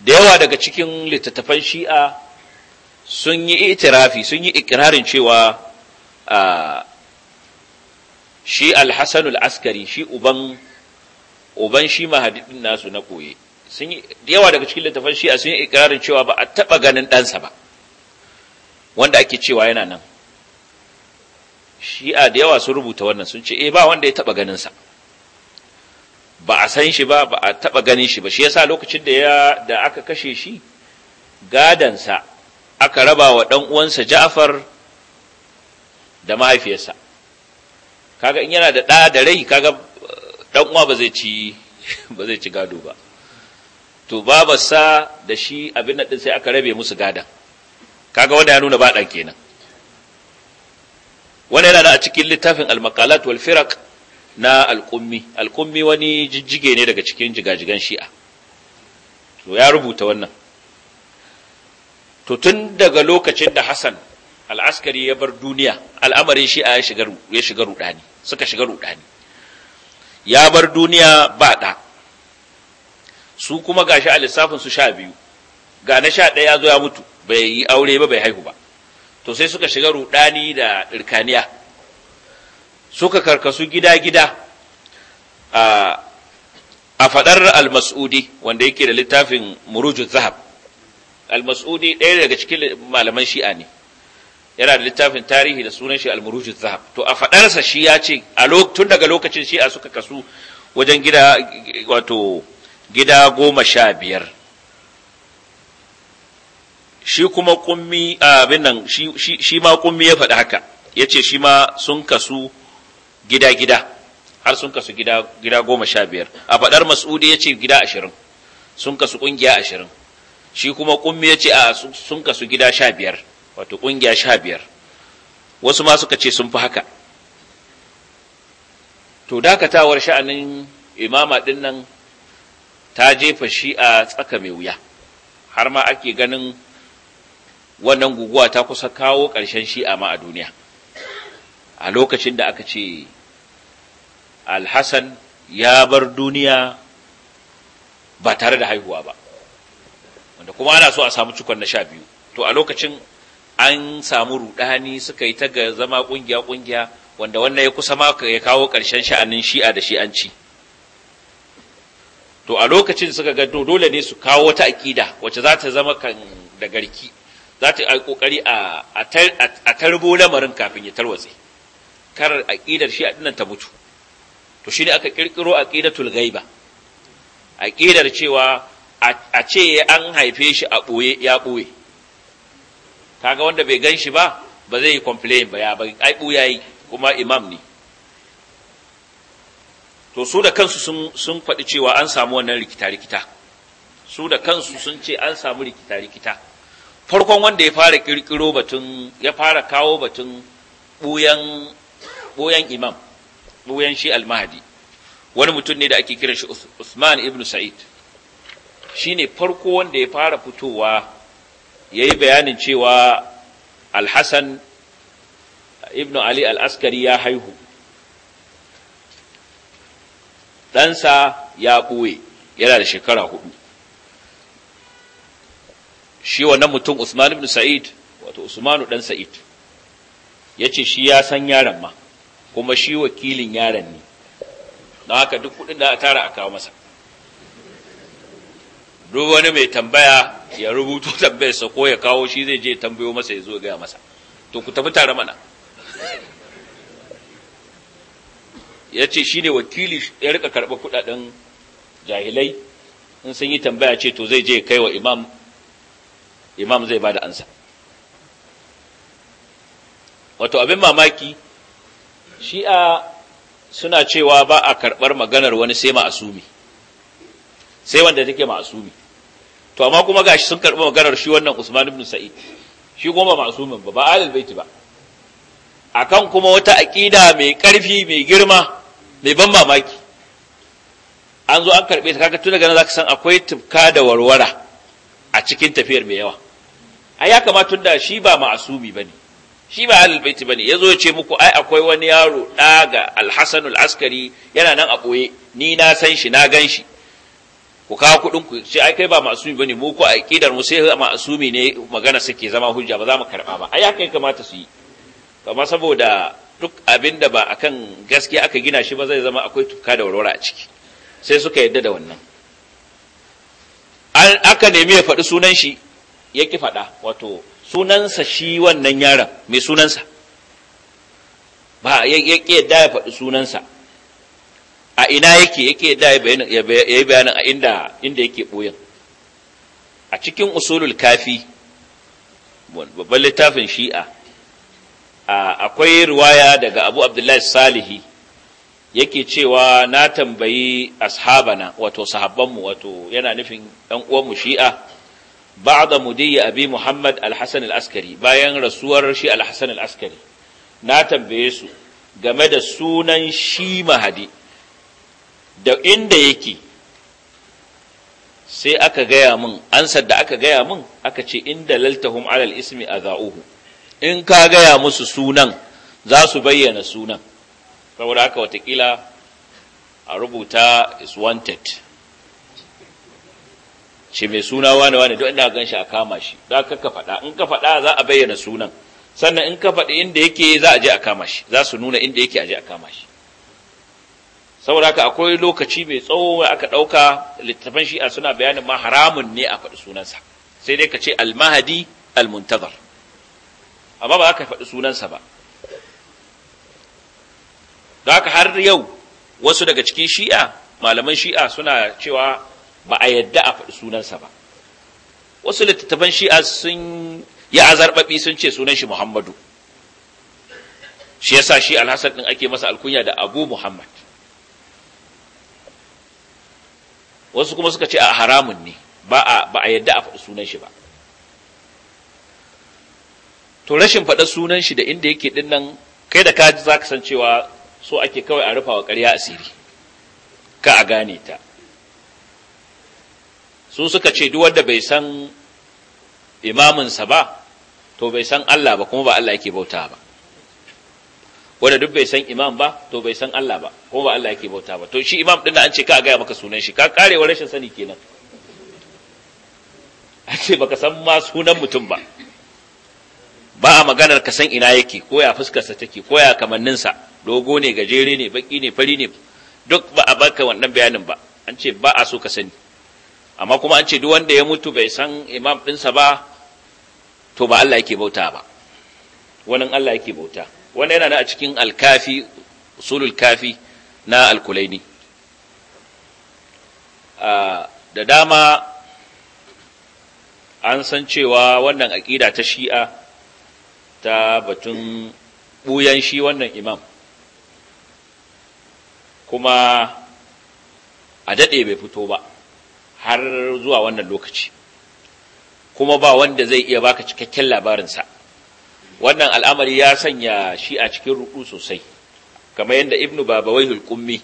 da yawa daga cikin littattafan shi'a sun yi itirafi sun yi ikirarin cewa shi alhassan al'askari shi uban uban shi mahadin nasu na koye da yawa daga cikin littattafan shi'a sun yi ikirarin cewa ba a taɓa ganin ɗansa ba wanda ake cewa yana nan shi'a da yawa sun rubuta wannan sun ce eh ba wanda ya taba ganinsa, sa ba a san shi ba ba a taba ganin shi ba shi yasa lokacin da ya da aka kashe shi gadan sa aka raba wa dan uwansa Ja'far da mahaifiyarsa kaga in yana da ɗa da rai kaga dan uh, uwa ba zai ci ba zai ci gado ba to babarsa da shi abin nan sai aka rabe musu gadan kaga wanda ya nuna ba dan kenan Wani yana da a cikin littafin al-maqalat wal firaq na al-qummi al-qummi wani jijjige ne daga cikin jigajigan shi'a to ya rubuta wannan to tun daga lokacin da Hassan al-askari ya bar duniya al'amarin shi'a ya shiga ya shiga rudani suka shiga rudani ya bar duniya ba da su kuma gashi a lissafin su sha biyu ga na sha ɗaya ya zo ya mutu bai yi aure ba bai haihu ba to sai suka shiga rudani da irkaniya suka karkasu gida-gida a fadar al-mas'udi wanda yake da littafin murujun zahab al-mas'udi ɗaya daga cikin malaman shi'a ne yana da littafin tarihi da sunan shi al-murujun zahab to a fadarsa shi ya ce tun daga lokacin shi'a suka kasu wajen gida wato gida goma sha biyar shi kuma kummi abin nan shi ma kummi ya faɗi haka ya ce shi ma sun kasu gida-gida har sun kasu gida goma sha biyar a faɗar mas'udi ya ce gida ashirin sun kasu ƙungiya ashirin shi kuma kummi ya ce a sun kasu gida sha biyar wato ƙungiya sha biyar wasu ma suka ce sun fi haka to dakatawar sha'anin imama ɗin nan ta jefa shi a tsaka mai wuya har ma ake ganin wannan guguwa ta kusa kawo ƙarshen shi'a ma a duniya a lokacin da aka ce alhassan ya bar duniya ba tare da haihuwa ba wanda kuma ana so a samu cikon na sha biyu to a lokacin an samu rudani suka yi ta ga zama ƙungiya kungiya wanda wannan ya kusa ma ya kawo ƙarshen sha'anin shi'a da shi'anci to a lokacin suka ga dole ne su kawo wata aƙida wacce za ta zama kan da garki za ta yi kokari a tarbo lamarin kafin ya tarwatse karar aƙidar shi a dinnan ta mutu to shi ne aka kirkiro ba? A aqidar cewa a ce an haife shi a ɓoye ya ɓoye kaga wanda bai gan shi ba ba zai yi complain ba ya ba ai ɓoye yi kuma imam ne to su da kansu sun faɗi cewa an samu wannan rikita rikita su da kansu sun ce an samu rikita rikita farkon wanda ya fara kirkiro batun ya fara kawo batun buyan buyan imam buyan shi al-mahdi wani mutum ne da ake kiran shi Usman ibn Sa'id ne farko wanda ya fara fitowa yayi bayanin cewa al-Hasan ibn Ali al-Askari ya haihu ɗansa ya ɓoye yana da shekara hudu shi wannan mutum Usman ibn Sa'id wato Usmanu dan Sa'id yace shi ya san yaron ma kuma shi wakilin yaron ne don haka duk kudin da a tara a kawo masa duk wani mai tambaya ya rubuto tambayarsa ko ya kawo shi zai je tambayo masa ya zo gaya masa to ku tafi tare mana ya ce shi ne wakili ya rika karɓar kudaden jahilai in sun yi tambaya ce to zai je kai wa imam imam zai bada ansa wato abin mamaki shi'a suna cewa ba a karɓar maganar wani sai ma'asumi sai wanda take ma'asumi to amma kuma ga shi sun karɓi maganar shi wannan Usman ibn Sa'id shi kuma ba ma'asumin ba ba alil baiti ba akan kuma wata aƙida mai ƙarfi mai girma mai ban mamaki an zo an karɓe ta kaka tun daga nan ka san akwai tufka da warwara a cikin tafiyar mai yawa ai ya kamata da shi ba ma'asumi bane shi ba ahlul bane yazo ya ce muku ai akwai wani yaro ɗaga ga al askari yana nan a boye ni na san shi na gan shi ku kawo kuɗin ku sai ai kai ba ma'asumi bane mu a ƙidar mu sai ma'asumi ne magana suke zama hujja ba za mu karba ba ai haka ya kamata su yi amma saboda duk abin da ba akan gaskiya aka gina shi ba zai zama akwai tuka da warwara a ciki sai suka yadda da wannan aka nemi ya faɗi sunan shi ya ki faɗa wato sunansa shi wannan yaron mai sunansa ba ya yake yadda ya faɗi sunansa a ina yake yake yadda ya yi bayanin a inda inda yake ɓoyin a cikin usulul kafi babban littafin shi'a akwai riwaya daga abu abdullahi salihi yake cewa na tambayi ashabana wato sahabbanmu wato yana nufin ɗan uwanmu shi'a ba'da mudiyyi abi muhammad al al-askari bayan rasuwar shi al al-askari na tambaye su game da sunan shi mahadi da inda yake sai aka gaya min ansar da aka gaya min aka ce inda laltahum alal ismi azauhu in ka gaya musu sunan za su bayyana sunan saboda haka watakila a rubuta is wanted ce mai suna wane wane duk inda gan shi a kama shi za ka ka faɗa in ka faɗa za a bayyana sunan sannan in ka faɗi inda yake za a je a kama shi za su nuna inda yake a je a kama shi saboda haka akwai lokaci mai tsawo da aka ɗauka littafan shi'a suna bayanin ma haramun ne a faɗi sunansa sai dai ka ce almahadi almuntazar amma ba za ka faɗi sunansa ba don haka har yau wasu daga cikin shi'a malaman shi'a suna cewa ba a yadda a faɗi sunansa ba wasu littattafan shi'a sun yi azarɓaɓi, sun ce sunan shi muhammadu shi ya sa shi alhassan ɗin ake masa alkunya da abu muhammad wasu kuma suka ce a haramun ne ba a yadda a faɗi sunan shi ba to rashin faɗa sunan shi da inda yake ɗin nan kai da ka za ka san cewa so ake kawai a rufa wa ƙarya asiri ka a gane ta su suka ce duk wanda bai san imaminsa ba to bai san Allah ba kuma ba Allah yake bauta ba wanda duk bai san imam ba to bai san Allah ba kuma ba Allah yake bauta ba to shi imam din da an ce ka gaya maka sunan shi ka wa rashin sani kenan an ce baka san ma sunan mutum ba ba a maganar ka san ina yake ko ya fuskarsa take ko ya kamanninsa dogo ne gajere ne baki ne fari ne duk ba a baka wannan bayanin ba an ce ba a so ka sani amma kuma an ce duk wanda ya mutu bai san imam ɗinsa ba to ba Allah yake bauta ba wannan Allah yake bauta Wani yana da a cikin alkafi usulul kafi na alkulaini da dama an san cewa wannan aƙida ta shi'a ta batun buyan shi wannan imam kuma a daɗe bai fito ba har zuwa wannan lokaci kuma ba wanda zai iya baka cikakken labarinsa wannan al'amari ya sanya shi a cikin rudu sosai kamar yadda ibnu babawai kummi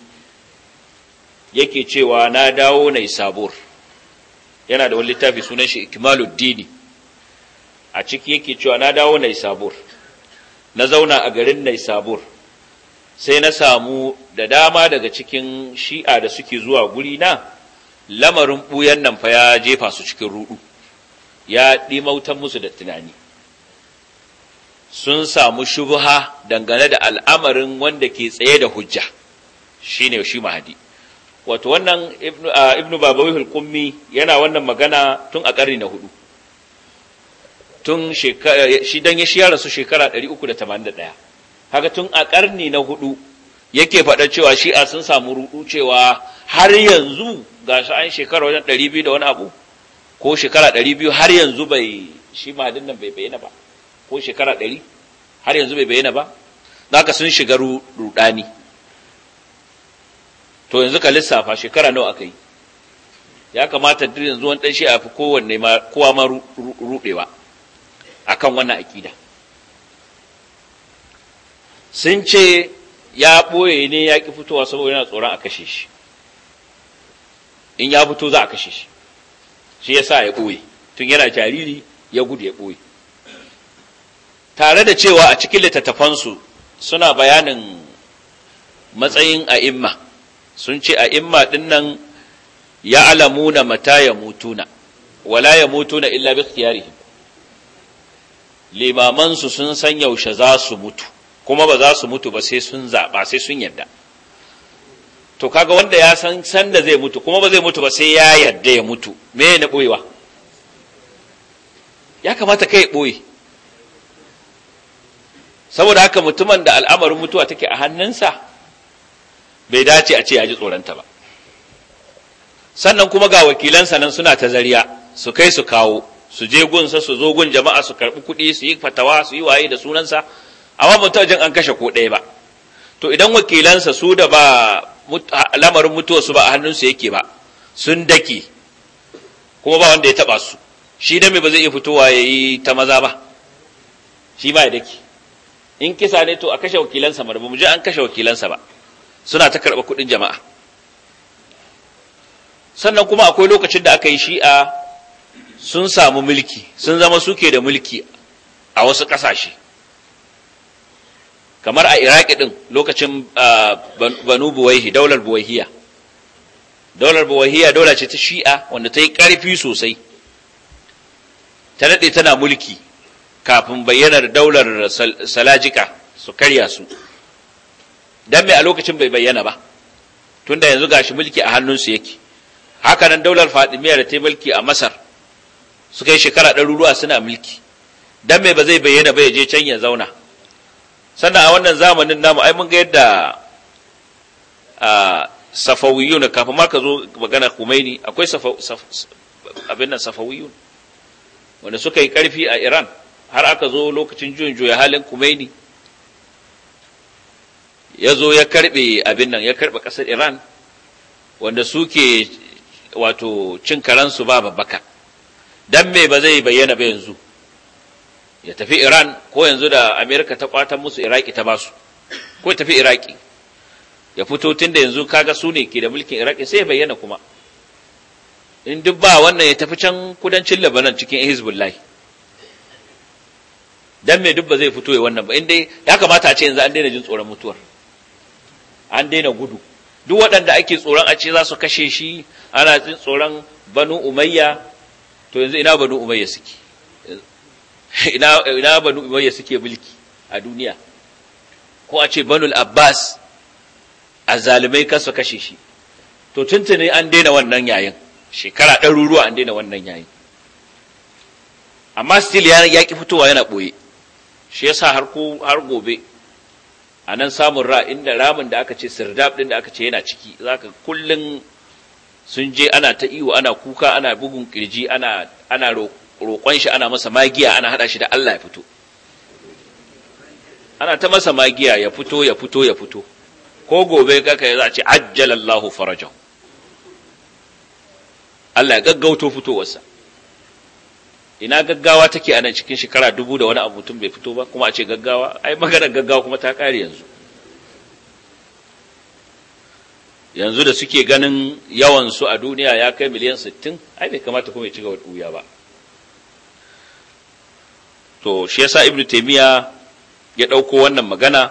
yake cewa na dawo na sabur yana da wani littafi sunan shi ikmaluddini a ciki yake cewa na dawo na sabur na zauna a garin na sabur sai na samu da dama daga cikin shi'a da suke zuwa guri na lamarin buyan nan fa ya jefa su cikin ruɗu. ya dimautan musu da tunani sun samu shubha dangane da al'amarin wanda ke tsaye da hujja shine shi mahadi wato wannan ibnu ibnu babawihul qummi yana wannan magana tun a karni na hudu tun eh, shi dan ya shiyar su shekara 381 haka tun a ƙarni na hudu yake faɗa cewa shi'a sun samu rudu cewa har yanzu ga shi an shekara wajen ɗari biyu da wani abu ko shekara ɗari biyu har yanzu bai shi mahadin nan bai bayyana ba ko shekara ɗari har yanzu bai bayyana ba za sun shiga rudani to yanzu ka lissafa shekara nawa aka yi ya kamata duk yanzu wani ɗan shi a fi kowanne ma kowa ma rudewa a kan wannan aƙida sun ce ya ɓoye ne ya ƙi fitowa saboda yana tsoron a kashe shi in ya fito za a kashe shi shi yasa ya ɓoye tun yana jariri ya gudu ya ɓoye tare da cewa a cikin littattafansu suna bayanin matsayin a'imma sun ce a'imma ɗin nan ya alamu na mata ya mutuna wala ya na illa bi ikhtiyarihim limamansu sun san yaushe za su mutu kuma ba za su mutu ba sai sun zaɓa sai sun yadda to kaga wanda ya san sanda zai mutu kuma ba zai mutu ba sai ya yadda ya mutu me na boyewa ya kamata kai boye saboda haka mutumin da al'amarin mutuwa take a hannunsa bai dace a ce ya ji tsoronta ba sannan kuma ga wakilansa nan suna ta zariya su kai su kawo su je gunsa su zo gun jama'a su karɓi kuɗi su yi fatawa su yi waye da sunansa amma mutum an kashe ko ɗaya ba to idan wakilansa su da ba lamarin su ba a hannunsu yake ba sun daki kuma ba wanda ya taba su shi dame ba zai iya fitowa ya yi ta maza ba shi ba ya daki in kisa ne to a kashe wakilansa ba mu ji an kashe wakilansa ba suna ta karɓa kuɗin jama'a sannan kuma akwai lokacin da aka yi shi'a sun samu mulki sun zama suke da mulki a wasu ƙasashe kamar a iraki din lokacin banu buwaihi daular buwaihiya daular buwaihiya daular ce ta shi'a wanda ta yi ƙarfi sosai ta daɗe tana mulki kafin bayyanar daular salajika su karya su don mai a lokacin bai bayyana ba tunda yanzu gashi mulki a hannunsu yake nan, daular fatimiyya da ta yi mulki a masar suka yi shekara ɗaruruwa suna mulki Dan mai ba zai bayyana ba ya je can ya zauna sannan a wannan zamanin namu ai mun ga yadda a safawiyun kafin ma ka zo magana kumaini akwai abin nan safawiyun wanda suka yi karfi a Iran har aka zo lokacin juyin juya halin kumaini ya zo ya karbe abin nan ya karbe kasar Iran wanda suke wato cin karansu ba babbaka dan me ba zai bayyana ba yanzu ya tafi iran ko yanzu da amerika ta kwatan musu iraki ta basu ko ya tafi iraki ya fito tun da yanzu kaga su ne ke da mulkin iraki sai ya bayyana kuma in duk ba wannan ya tafi can kudancin Lebanon cikin hezbollah dan me duk ba zai fito ya wannan ba in dai ya kamata a ce yanzu an daina jin tsoron mutuwar an daina gudu duk waɗanda ake tsoron a ce za su kashe shi ana jin tsoron banu umayya to yanzu ina banu umayya suke ina banu umayya suke mulki a duniya ko a ce banul abbas azzalumai kasu kashe shi to tuntuni an daina wannan yayin shekara ɗaruruwa an daina wannan yayin amma still ya yaƙi fitowa yana ɓoye shi yasa har har gobe a nan samun ra inda ramin da aka ce sirdab ɗin da aka ce yana ciki zaka kullun sun je ana ta iwo ana kuka ana bugun kirji ana ana roƙo roƙon shi ana masa magiya ana haɗa shi da Allah ya fito ana ta masa magiya ya fito ya fito ya fito ko gobe kaka ya za a ce ajjalallahu farajahu Allah ya gaggauto fitowarsa ina gaggawa take nan cikin shekara dubu da wani abu tun bai fito ba kuma a ce gaggawa ai magana gaggawa kuma ta kare yanzu yanzu da suke ganin yawansu a duniya ya kai miliyan 60 ai bai kamata kuma ya ci gaba da ba to shi yasa ibnu taymiya ya ɗauko wannan magana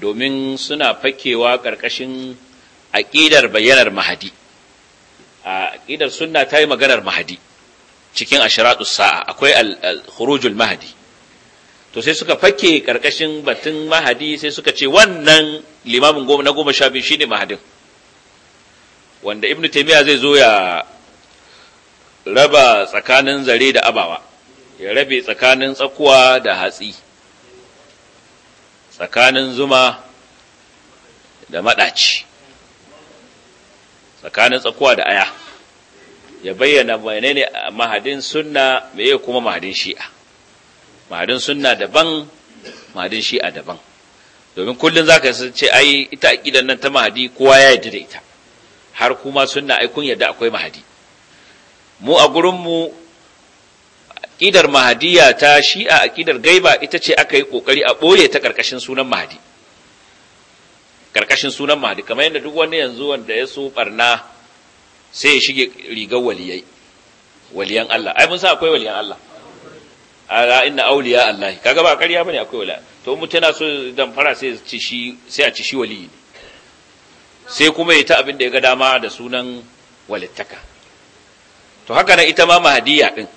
domin suna fakewa ƙarƙashin aƙidar bayyanar mahadi a ƙidar sunna ta yi maganar mahadi cikin ashiratus sa'a akwai al-khurujul mahadi to sai suka fake ƙarƙashin batun mahadi sai suka ce wannan limamin goma na goma sha biyu shine mahadin wanda ibnu taymiya zai zo ya raba tsakanin zare da abawa ya rabe tsakanin tsakuwa da hatsi tsakanin zuma da maɗaci tsakanin tsakuwa da aya ya bayyana menene mahadin sunna meye kuma mahadin shi'a mahadin sunna daban mahadin shi'a daban domin kullun zaka ce ai ita aqidan nan ta mahadi kowa ya yarda da ita har kuma suna aikun kun yarda akwai mahadi mu a gurin mu aƙidar mahadiya ta shi'a aƙidar gaiba ita ce aka yi ƙoƙari a ɓoye ta ƙarƙashin sunan mahadi ƙarƙashin sunan mahadi kamar yadda duk wani yanzu wanda ya so ɓarna sai ya shige rigar waliyai waliyan Allah ai mun san akwai waliyan Allah ala inna auliya Allah kaga ba ƙarya bane akwai waliya to mu yana so dan fara sai ci shi sai a ci shi waliyi sai kuma ya ta abin da ya ga dama da sunan walittaka to haka nan ita ma mahadiya din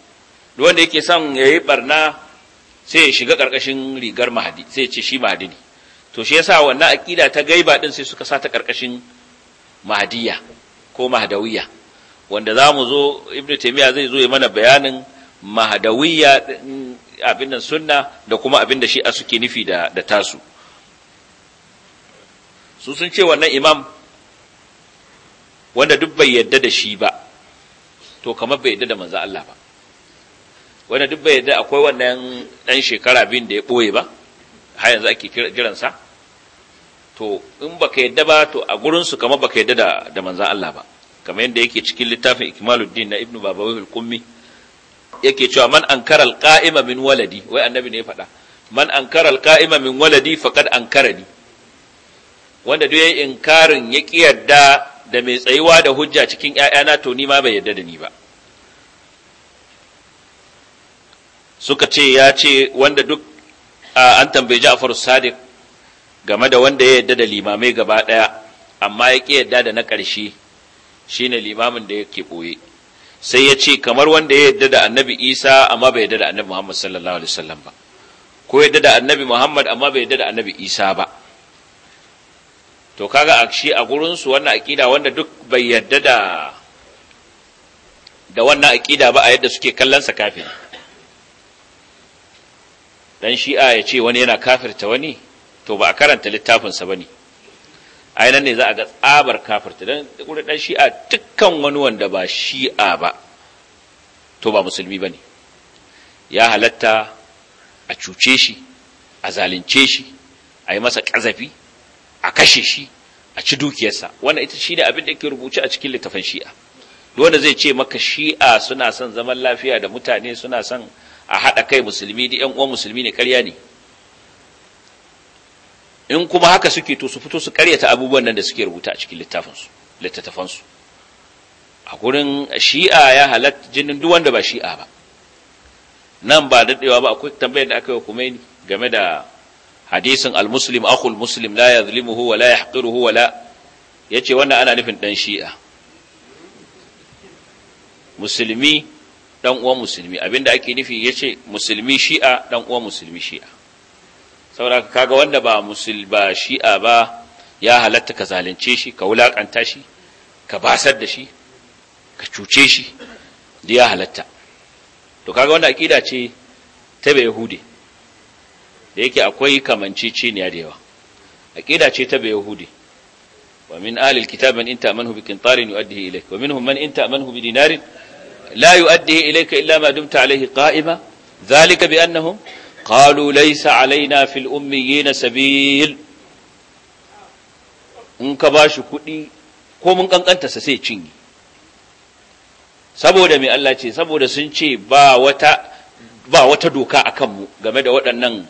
duk wanda yake son ya yi barna sai ya shiga ƙarƙashin rigar mahadi sai ya ce shi mahadi ne to shi yasa wannan aƙida ta gaiba ɗin sai suka sa ta ƙarƙashin mahadiya ko mahadawiya wanda za mu zo ibnu taimiyya zai zo ya mana bayanin mahadawiya abin nan sunna da kuma abin da shi a suke nufi da, da tasu su sun ce wannan imam wanda duk bai yadda da shi ba to kamar bai yadda da manzo Allah ba wanda duk bai yadda akwai wannan ɗan shekara biyun da ya ɓoye ba har yanzu ake jiransa to in baka yadda ba to a gurinsu kama baka yadda da, manzan Allah ba kamar yadda yake cikin littafin ikmaluddin na ibnu babawai al yake cewa man an al-qa'ima min waladi wai annabi ne ya faɗa man an al waladi min waladi faqad ankarani wanda duk yayin inkarin ya yarda da mai tsayuwa da hujja cikin 'ya'yana, to ni ma bai yadda da ni ba suka ce ya ce wanda duk an tambayi Ja'far Sadiq game da wanda ya yadda da limamai gaba daya amma ya ki yadda da na ƙarshe shine limamin da yake boye sai ya ce kamar wanda ya yadda da Annabi Isa amma bai yadda da Annabi Muhammad sallallahu alaihi wasallam ba ko yadda da Annabi Muhammad amma bai yadda da Annabi Isa ba to kaga a shi a gurin su wannan aqida wanda duk bai yadda da da wannan aqida ba a yadda suke kallon sa kafiri dan shi'a ya ce wani yana kafirta wani to ba a karanta littafinsa ba ne a ne za a ga tsabar kafirta dan wurin dan shi'a dukkan wani wanda ba shi'a ba to ba musulmi ba ne ya halatta a cuce shi a zalunce shi a yi masa ƙazafi a kashe shi a ci dukiyarsa wannan ita shi ne abin da ke rubuce a cikin littafin shi'a wanda zai ce maka shi'a suna son zaman lafiya da mutane suna son a haɗa kai musulmi da ‘yan uwan musulmi ne ƙarya ne in kuma haka suke to su fito su karyata abubuwan nan da suke rubuta a cikin littattafansu a gurin shi'a ya halatta jinin duk wanda ba shi'a ba nan ba daɗewa ba akwai tambayar da aka yi wa kumaini game da hadisin al-muslim akhul muslim la yadhlimuhu wa la yahqiruhu wa la yace wannan ana nufin dan shi'a musulmi dan uwan musulmi abinda ake nufi yace musulmi shi'a dan uwan musulmi shi'a saboda kaga wanda ba musul ba shi'a ba ya halatta ka zalunce shi ka wulakanta shi ka basar da shi ka cuce shi da ya halatta to kaga wanda akida ce ta bai yahudi da yake akwai kamanciciniya da yawa akida ce ta bai yahudi wa min alil kitaban in ta'manhu bi qintarin yu'addihi ilayk wa minhum man in ta'manhu bi dinarin Layu yu'addi ilayka illa ma dumta alayhi qa'ima zalika bi annahu. qalu laysa alaina fil ummiyina sabil in ka bashi kuɗi ko mun kankanta sa sai cinye saboda mai Allah ce saboda sun ce ba wata doka a kanmu game da waɗannan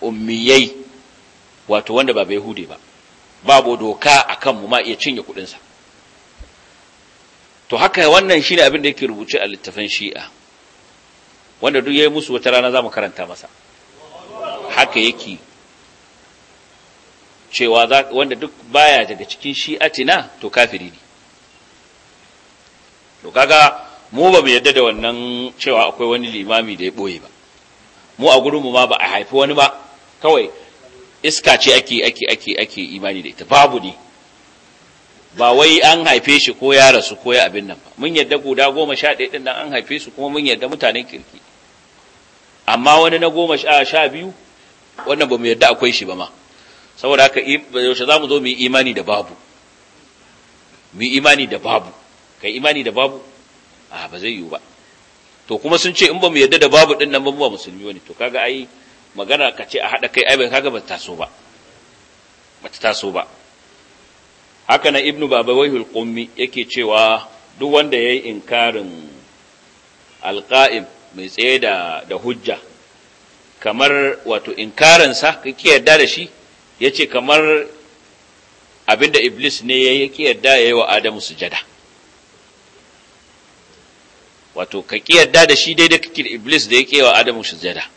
ummiyai wato wanda ba ya hude ba babu doka a kanmu ma iya cinye kuɗinsa to haka wannan shine abin da yake rubuce a littafin shi'a wanda duk yayi musu wata rana zamu karanta masa haka yake cewa wanda duk baya daga cikin shi'atina to kafiri ne to kaga mu ba mu yadda da wannan cewa akwai wani limami da ya boye ba mu a gurin mu ma ba a haifi wani ba kawai iska ce ake ake ake ake imani da ita babu ne ba wai an haife shi ko ya rasu ko ya abin nan ba mun yadda guda goma sha ɗaya ɗin an haife su kuma mun yadda mutanen kirki amma wani na goma sha biyu wannan ba mu yadda akwai shi ba ma saboda haka yaushe za mu zo mu yi imani da babu mu yi imani da babu kai imani da babu a ba zai yiwu ba to kuma sun ce in ba mu yadda da babu ɗin nan ba ba musulmi wani to kaga ai magana ka ce a haɗa kai ai ban kaga ba ta taso ba ba ta taso ba haka na ibnu babawaihul qummi yake cewa duk wanda yayi inkarin alqa'im mai tsaye da da hujja kamar wato inkarin sa kike yarda da shi yace kamar abinda iblis ne yayi yadda yarda yayi wa adamu sujada wato ka ki yarda da shi daidai kake iblis da yake wa adamu sujada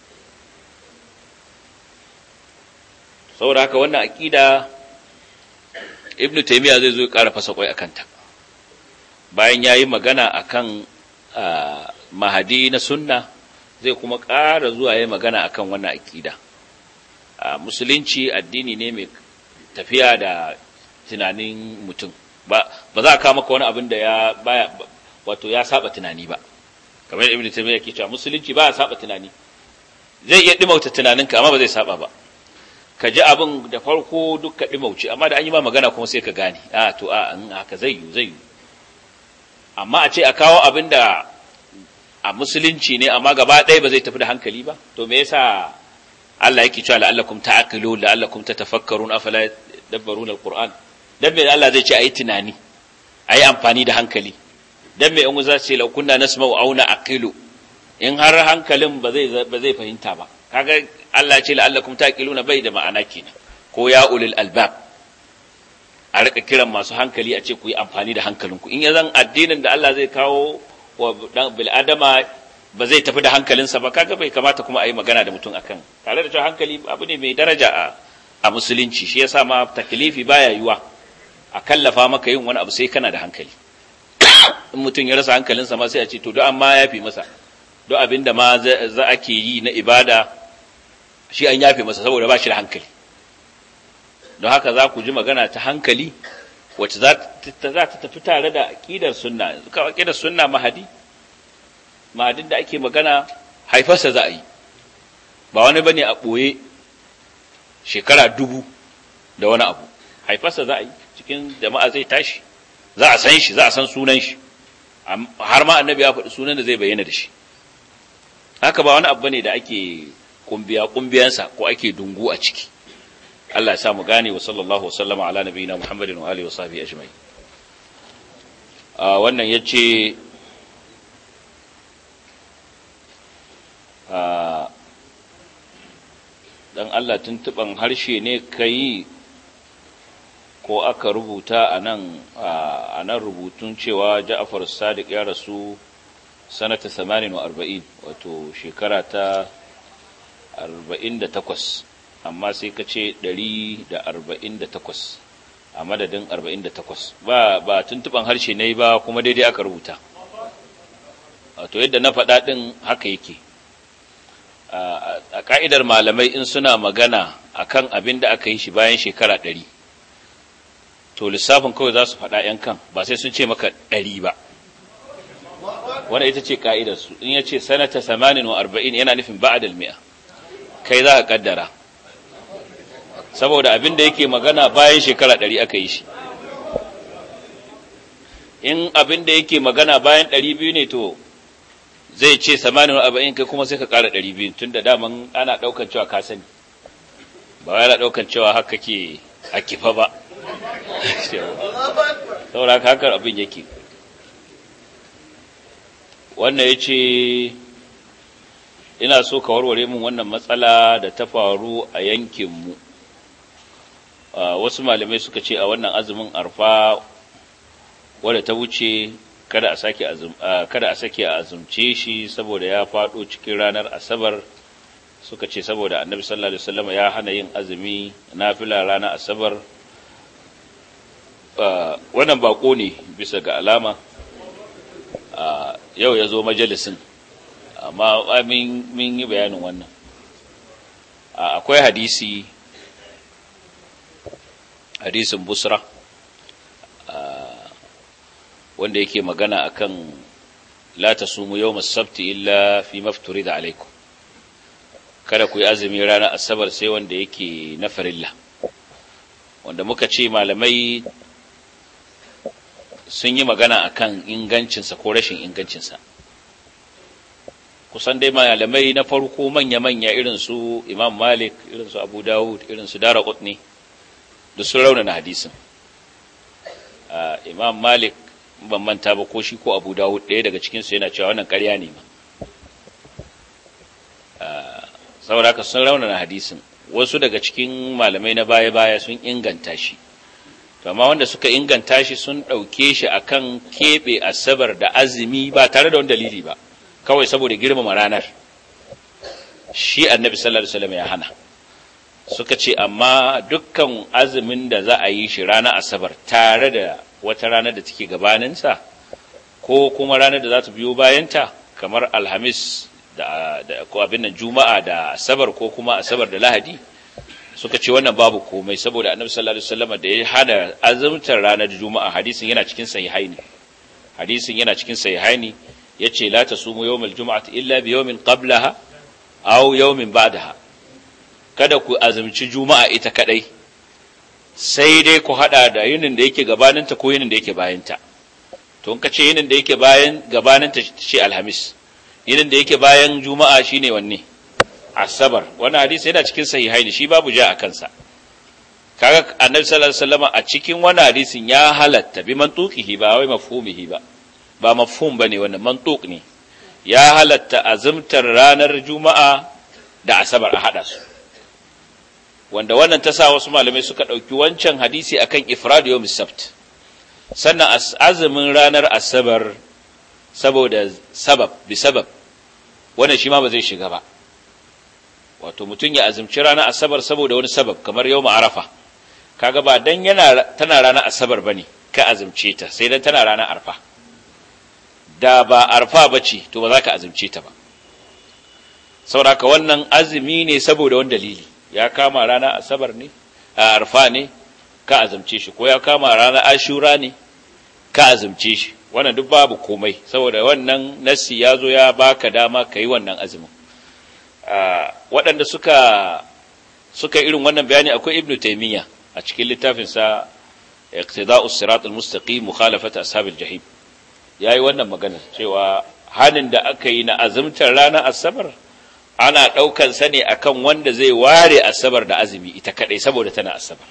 saboda haka wannan aƙida ibnu taymiya zai zo ya ƙara fasa ƙwai a kanta. bayan ya yi magana a kan mahadi na sunna zai kuma ƙara zuwa ya yi magana a kan wannan aƙida. musulunci addini ne mai tafiya da tunanin mutum ba a kama ka maka wani abin da ya baya wato ya saba tunani ba kamar Ibn taymiya ke cewa musulunci ba ya saba tunani zai iya dimauta tunaninka amma ba zai saba ba ka ji abin da farko duk ka ɗi amma da an yi ma magana kuma sai ka gane a to a in haka zai yi zai yi amma a ce a kawo abin da a musulunci ne amma gaba ɗaya ba zai tafi da hankali ba to me yasa Allah yake cewa la'allakum ta'qilu la'allakum tatafakkarun afala dabbaruna alquran dan me Allah zai ce ayi tunani ayi amfani da hankali dan me in za ce la kunna nasma'u auna aqilu in har hankalin ba zai ba zai fahimta ba kaga Allah ce la'allakum taqiluna bai da ma'ana kenan ko ya ulil albab a rika kiran masu hankali a ce ku yi amfani da hankalinku in ya addinin da Allah zai kawo wa bil adama ba zai tafi da hankalinsa ba kaga bai kamata kuma a yi magana da mutum akan tare da cewa hankali abu ne mai daraja a a musulunci shi yasa ma taklifi baya yiwa a kallafa maka yin wani abu sai kana da hankali in mutum ya rasa hankalinsa ma sai a ce to do amma ya masa do abin da ma za ake yi na ibada shi an yafe masa saboda ba shi da hankali don haka za ku ji magana ta hankali wacce za ta tafi tare da aƙidar sunna aƙidar sunna mahadi mahadin da ake magana haifarsa za a yi ba wani bane a ɓoye shekara dubu da wani abu haifarsa za a yi cikin jama'a zai tashi za a san shi za a san sunan shi har ma annabi ya faɗi sunan da zai bayyana da shi haka ba wani abu bane da ake kumbiya kumbiyansa ko ake dungu a ciki Allah ya sa mu gane wa sallallahu wa sallama ala nabiyina Muhammadin wa alihi wa sahbihi ajma'in a wannan yace ce dan Allah tuntuban harshe ne kai ko aka rubuta a nan a nan rubutun cewa Ja'far Sadiq ya rasu sanata 48 wato shekara ta Arba'in da takwas, amma sai ka ce da da arba'in takwas, a madadin arba'in da ba ba tuntuban harshe na yi ba kuma daidai aka rubuta to yadda na faɗa ɗin haka yake a ka'idar malamai in suna magana a kan abin da aka yi shi bayan shekara ɗari, to lissafin kawai za su faɗa 'yan kan ba sai sun ce maka ɗari ba wanda ita ce ka'idarsu in ya ce sanata arba'in yana nufin ba'adal mi'a kai za ka kaddara saboda abin da yake magana bayan shekara ɗari aka yi shi in abin da yake magana bayan ɗari biyu ne to zai ce samanin abin kai kuma sai ka ƙara ɗari biyu tun da daman ana ɗaukan cewa ka sani ba yana ɗaukan cewa haka ke a kifa ba saboda haka hakan abin yake wannan ya ce ina so ka warware min wannan matsala da ta faru a yankinmu wasu malamai suka ce a wannan azumin arfa wadda ta wuce kada a sake a azumce shi saboda ya faɗo cikin ranar asabar suka ce saboda annabi sallallahu alaihi wasallam ya hana yin azumi nafila ranar asabar wannan bako ne bisa ga alama yau ya zo majalisin amma min yi bayanin wannan akwai hadisi hadisin busra wanda yake magana akan la tasumu yawm yau sabti illa fi da alaikun kada ku yi azumi ranar asabar sai wanda yake na farilla wanda muka ce malamai sun yi magana akan ingancinsa ko rashin ingancinsa kusan dai malamai na farko manya-manya irin su imam malik irin su abu dawud irin su dara kutni da sun raunana hadisin imam malik ban manta ba ko shi ko abu dawud ɗaya daga cikinsu yana cewa wannan ƙarya ne ma saboda haka sun raunana hadisin wasu daga cikin malamai na baya-baya sun inganta shi to amma wanda suka inganta shi sun ɗauke shi akan keɓe asabar da azumi ba tare da wani dalili ba kawai saboda girmama ranar shi annabi sallallahu alaihi wasallam ya hana suka ce amma dukkan azumin da za a yi shi ranar asabar tare da wata ranar da take gabaninsa ko kuma ranar da za ta biyo bayanta kamar alhamis da ko abin nan juma'a da asabar ko kuma asabar da lahadi suka ce wannan babu komai saboda annabi sallallahu alaihi wasallam da ya hada azumtar ranar juma'a hadisin yana cikin sahihaini hadisin yana cikin sahihaini Ya ce la tasumu yawmal jum'ati illa bi yawmin qablaha aw yawmin ba'daha kada ku azumci juma'a ita kadai sai dai ku haɗa da yinin da yake gabaninta ko yinin da yake bayanta to in kace yinin da yake bayan gabaninta shi alhamis yinin da yake bayan juma'a shi ne wanne asabar wani hadisi yana cikin sahihaini shi babu ja a kansa kaga annabi sallallahu alaihi wasallam a cikin wani hadisin ya halatta bi mantuqihi ba wai mafhumihi ba ba mafhum ne, wannan mantuq ne ya halatta azumtar ranar juma'a da asabar a haɗa su wanda wannan ta sa wasu malamai suka ɗauki wancan hadisi akan ifrad yawm sabt sannan azumin ranar asabar saboda sabab bi sabab wannan shi ma ba zai shiga ba wato mutum ya azumci ranar asabar saboda wani sabab kamar yau arafa kaga ba don yana tana ranar asabar bane ka azumce ta sai dan tana ranar arfa da ba arfa ba ce to ba za ka azumce ta ba sauraka wannan azumi ne saboda wani dalili ya kama rana asabar ne a arfa ne ka azumce shi ko ya kama rana ashura ne ka azumce shi wannan duk babu komai saboda wannan nassi ya zo ya baka dama ka yi wannan azumin waɗanda suka suka irin wannan bayani akwai ibnu taimiyya a cikin littafinsa iqtida'us siratul mustaqim mukhalafat ashabil jahim ya yi wannan magana cewa hanin da aka yi na azumtar ranar asabar ana ɗaukan sa ne akan wanda zai ware asabar da azumi ita kaɗai saboda tana asabar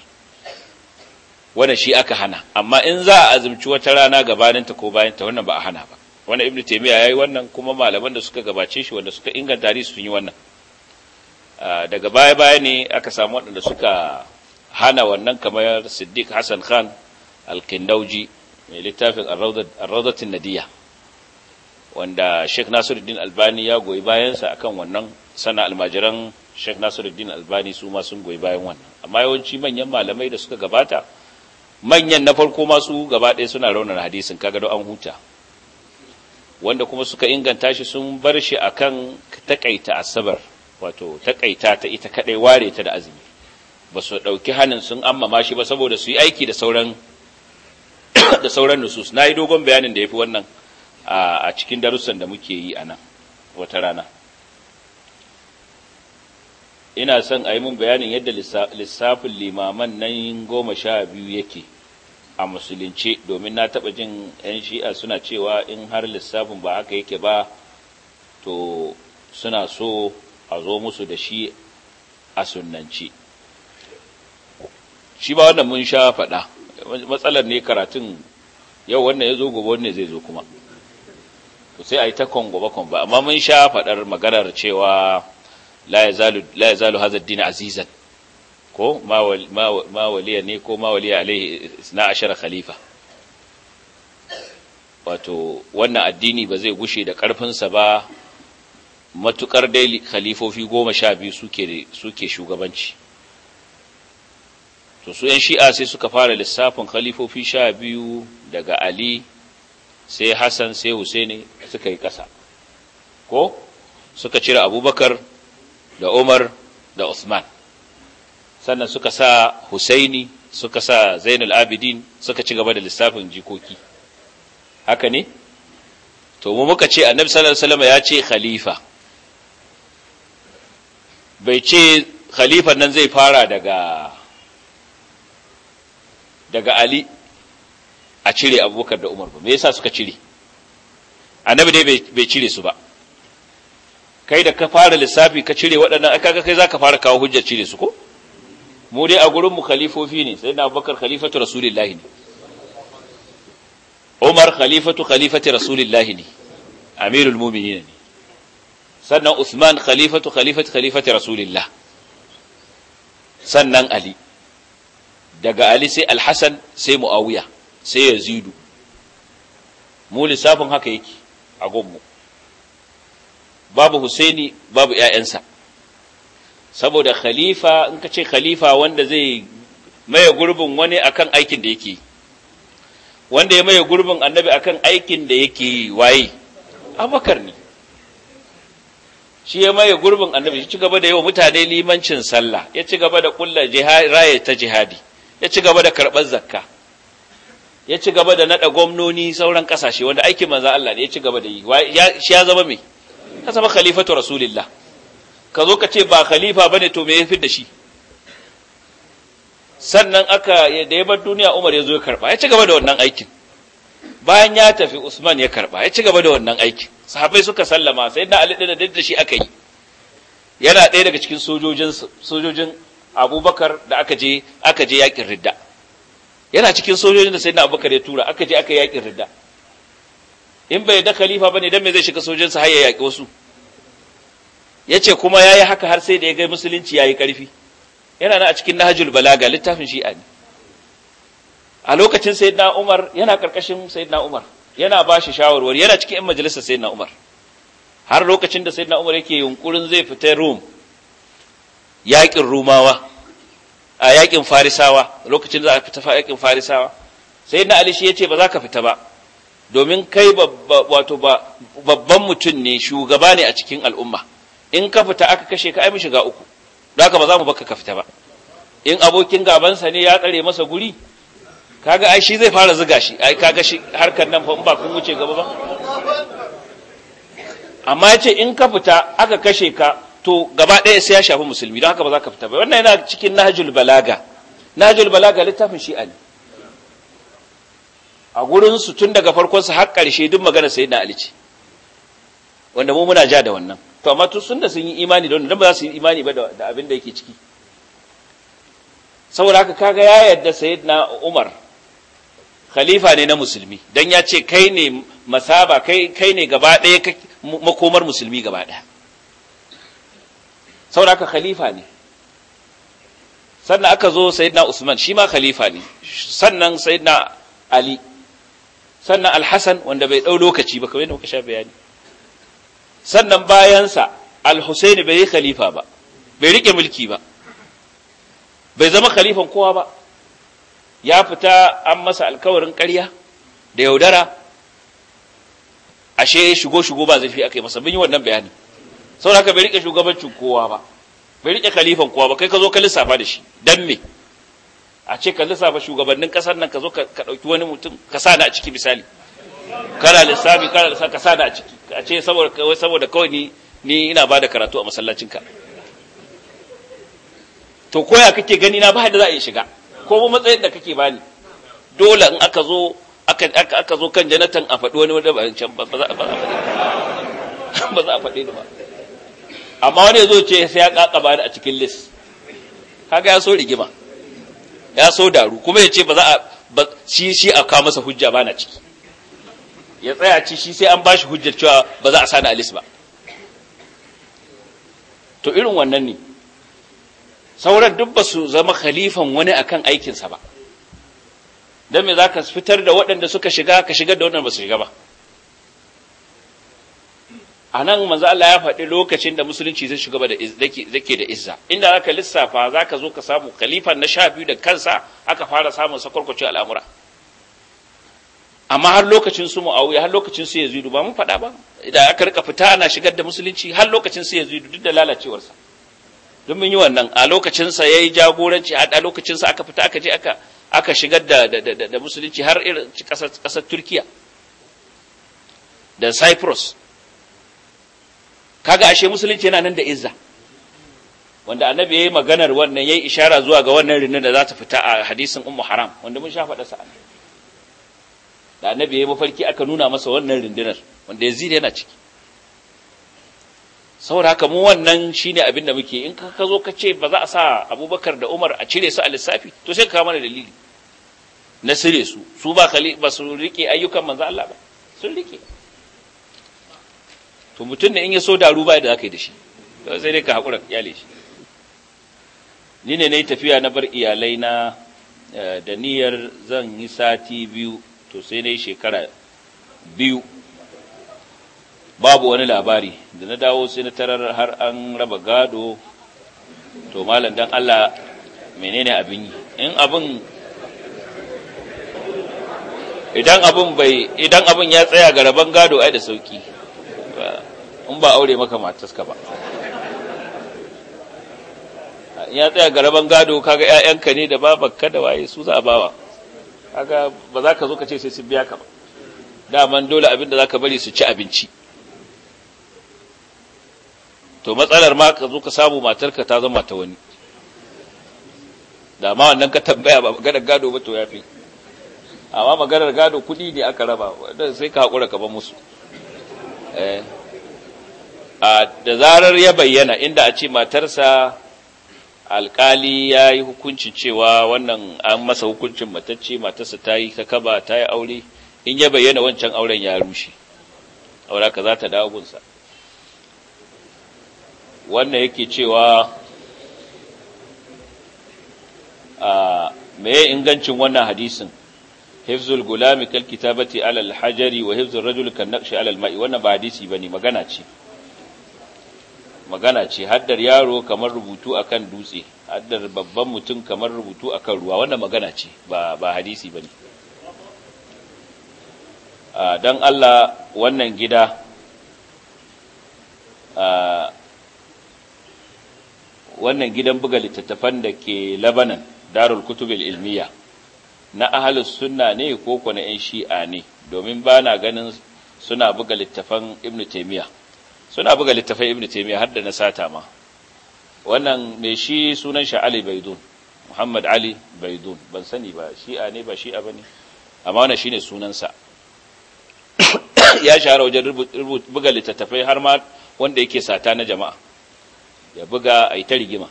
wanda shi aka hana amma in za a azumci wata rana gabaninta ko bayanta wannan ba a hana ba wannan ibnu ya yi wannan kuma malaman da suka gabace shi wanda suka inganta hadisi sun yi wannan ah, daga baya baya ne aka samu wanda suka hana wannan kamar siddiq hasan khan al-kindauji mai littafin arraudatun nadiya wanda sheikh nasiruddin albani ya goyi bayansa akan wannan sana almajiran sheikh nasiruddin albani su ma sun goyi bayan wannan amma yawanci manyan malamai da suka gabata manyan na farko masu gaba ɗaya suna raunar hadisin kaga da an huta wanda kuma suka inganta shi sun bar shi akan takaita asabar wato takaita ta ita kaɗai ware ta da azumi ba su ɗauki hannun sun amma ma shi ba saboda su yi aiki da sauran da sauran nusus na yi dogon bayanin da ya fi wannan a cikin darussan da muke yi a nan wata rana ina son a yi mun bayanin yadda lissafin limaman nan goma sha biyu yake a musulunci domin na taɓa jin 'yan shi'a suna cewa in har lissafin ba haka yake ba to suna so a zo musu da shi a sunanci shi ba wannan mun sha faɗa matsalar ne karatun yau wannan ya zo gobe wannan zai zo kuma to sai a yi ta kongoba ba amma mun sha faɗar maganar cewa la zalu hazar dina azizan ko mawaliya ne ko mawaliya alaihi na ashara khalifa wato wannan addini ba zai gushe da ƙarfinsa ba matukar dai khalifofi goma sha biyu suke shugabanci to su yan shi'a sai suka fara lissafin khalifofi sha biyu daga ali sai hassan sai husaini suka yi ƙasa ko suka cire abubakar da umar da usman sannan suka sa husaini suka sa zainul abidin suka ci gaba da lissafin jikoki haka ne to mu muka ce annabi sallallahu alaihi wasallam ya ce khalifa bai ce khalifan nan zai fara daga daga ali a cire abubakar da umar ba me yasa suka cire annabi dai bai cire su ba kai da ka fara lissafi ka cire waɗannan aka ga kai za ka fara kawo hujjar cire su ko mu dai a gurinmu khalifofi ne sai na abubakar khalifatu rasulillahi ne umar khalifatu khalifati rasulillahi ne amirul muminina ne sannan usman khalifatu khalifati khalifati rasulillah sannan ali daga ali sai alhassan sai mu'awiya sai yazidu mu lissafin haka yake a gonmu babu husaini babu 'ya'yansa saboda khalifa in ka ce khalifa wanda zai maye gurbin wani akan aikin da yake wanda ya maye gurbin annabi akan aikin da yake waye abakar ne shi ya maye gurbin annabi shi ci gaba da yawa mutane limancin sallah ya ci gaba da kulla raye ta jihadi ya ci gaba da karɓar zakka ya ci gaba da naɗa gwamnoni sauran ƙasashe wanda aikin manzan Allah ne ya ci gaba da yi shi ya zama mai ya zama khalifatu rasulillah ka zo ka ce ba khalifa ba ne to me ya fi da shi sannan aka da ya bar duniya umar ya zo ya karɓa ya ci gaba da wannan aikin bayan ya tafi usman ya karɓa ya ci gaba da wannan aikin sahabai suka sallama sai na ali da da shi aka yi yana ɗaya daga cikin sojojin sojojin abubakar da aka je aka je yakin ridda yana cikin sojojin da sayyidina abubakar ya tura aka je aka yakin ridda in bai da khalifa bane dan me zai shiga sojojin sa har ya yaki wasu yace kuma yayi haka har sai da ya ga musulunci yayi karfi yana nan a cikin nahjul balaga littafin shi'a ne a lokacin sayyidina umar yana karkashin sayyidina umar yana ba shi shawarwari yana cikin 'yan majalisar sayyidina umar har lokacin da sayyidina umar yake yunkurin zai fita rome yaƙin rumawa a yaƙin farisawa lokacin da za a fita yaƙin farisawa sai na ali ya ce ba za ka fita ba domin kai wato babban mutum ne shugaba ne a cikin al'umma in ka fita aka kashe ka ai shiga uku don haka ba za mu baka ka fita ba in abokin gabansa ne ya tsare masa guri kaga ai shi zai fara ziga shi ai kaga shi harkar nan fa in ba kun wuce gaba ba amma ya ce in ka fita aka kashe ka to gaba ɗaya sai ya shafi musulmi don haka ba za ka fita ba wannan yana cikin nahjul balaga nahjul balaga littafin shi'a ne a gurin su tun daga farkon su har ƙarshe duk magana sai ali ce wanda mu muna ja da wannan to amma tun sun da sun yi imani don ba za su yi imani ba da abin da yake ciki saboda haka kaga ya yarda sayyidina Umar khalifa ne na musulmi dan ya ce kai ne masaba kai kai ne gaba ɗaya makomar musulmi gaba ɗaya saboda haka khalifa ne sannan aka zo sayyidina usman shi ma khalifa ne sannan sayyidina ali sannan alhassan wanda bai ɗau lokaci ba kamar yadda muka sha bayani sannan bayansa alhussaini bai yi khalifa ba bai riƙe mulki ba bai zama khalifan kowa ba ya fita an masa alkawarin ƙarya da yaudara ashe shigo shigo ba zafi aka yi masa bin yi wannan bayanin saboda haka bai rike shugabancin kowa ba bai rike kalifan kowa ba kai ka zo ka lissafa da shi dan me a ce ka lissafa shugabannin kasar nan ka zo ka dauki wani mutum ka sa da a ciki misali kana lissafi kana lissafi ka sa da a ciki a ce saboda kawai saboda kawai ni ni ina ba da karatu a masallacin ka to koya kake gani na ba da za a yi shiga ko matsayin da kake bani dole in aka zo aka zo kan janatan a faɗi wani wanda ba can ba za a faɗi ba amma wani zo ce sai ya kakaba ni a cikin list kaga ya so rigima ya so daru kuma ya ce ba za a shi shi a kawo masa hujja ba na ciki ya tsaya ci shi sai an bashi hujjar cewa ba za a sani a list ba to irin wannan ne sauran duk ba su zama khalifan wani akan aikinsa ba don me za ka fitar da waɗanda suka shiga ka shigar da waɗanda ba su shiga ba a nan manzo Allah ya faɗi lokacin da musulunci zai shiga da zake da izza inda zaka lissafa zaka zo ka samu khalifan na sha biyu da kansa aka fara samun sakwarkwace al'amura amma har lokacin su muawiya har lokacin su yazidu ba mun faɗa ba idan aka rika fita ana shigar da musulunci har lokacin su yazidu duk da lalacewarsa don mun yi wannan a lokacin sa yayi jagoranci a lokacin sa aka fita aka je aka aka shigar da da musulunci har irin kasar kasar Turkiya da Cyprus kaga ashe musulunci yana nan da izza wanda annabi yayi maganar wannan yayi ishara zuwa ga wannan rinin da za ta fita a hadisin ummu haram wanda mun sha faɗa sa da annabi yayi mafarki aka nuna masa wannan rindinar wanda da yana ciki saboda haka mu wannan shine abin da muke in ka zo ka ce ba za a sa abubakar da umar a cire su a lissafi to sai ka mana dalili na sire su su ba ba su rike ayyukan manzo Allah ba sun rike to mutum da in yi so da ba da zaka yi da shi to sai dai ka hakura kyale shi ni ne nayi tafiya na bar iyalai na eh, da niyyar zan yi sati biyu to sai nayi shekara biyu babu wani labari da na dawo sai na tarar har an raba gado to malam dan Allah menene abin yi in abin idan abin bai idan abin ya tsaya ga raban gado ai da sauki in ba aure maka mataska ba ya tsaya garaban gado kaga ƴaƴanka ne da babanka da waye su za a bawa kaga ba za ka zo ka ce sai sun biya ka ba daman dole abinda za ka bari su ci abinci to matsalar ma ka zo ka samu matarka ta zama ta wani da ma wannan ka tambaya ba maganar gado ba to ya fi amma maganar gado kuɗi ne aka raba sai ka haƙura ka ba musu eh da zarar ya bayyana inda a ce matarsa alkali ya yi hukuncin cewa wannan an masa hukuncin matacce matarsa ta yi kakaba ta yi aure in ya bayyana wancan auren ya rushe aura ka za ta dawo gunsa wannan yake cewa a meye ingancin wannan hadisin hifzul gulami kal kitabati alal hajari wa hifzul rajul kan naqshi alal ma'i wannan ba hadisi bane magana ce magana ce haddar yaro kamar rubutu akan dutse haddar babban mutum kamar rubutu akan ruwa wannan magana ce ba ba hadisi bane dan Allah wannan gida wannan gidan buga littattafan da ke Lebanon Darul Kutubil Ilmiya na ahlus sunna ne ko kuma na shi'a ne domin bana ganin suna buga littattafan Ibn Taymiyyah suna buga littafai ibnu taymiya har da na sata ma wannan mai shi sunan shi ali baidun muhammad ali baidun ban sani ba shi'a ne ba shi'a bane amma wannan shine sunansa ya shahara wajen buga littafai har ma wanda yake sata na jama'a ya buga ai ta rigima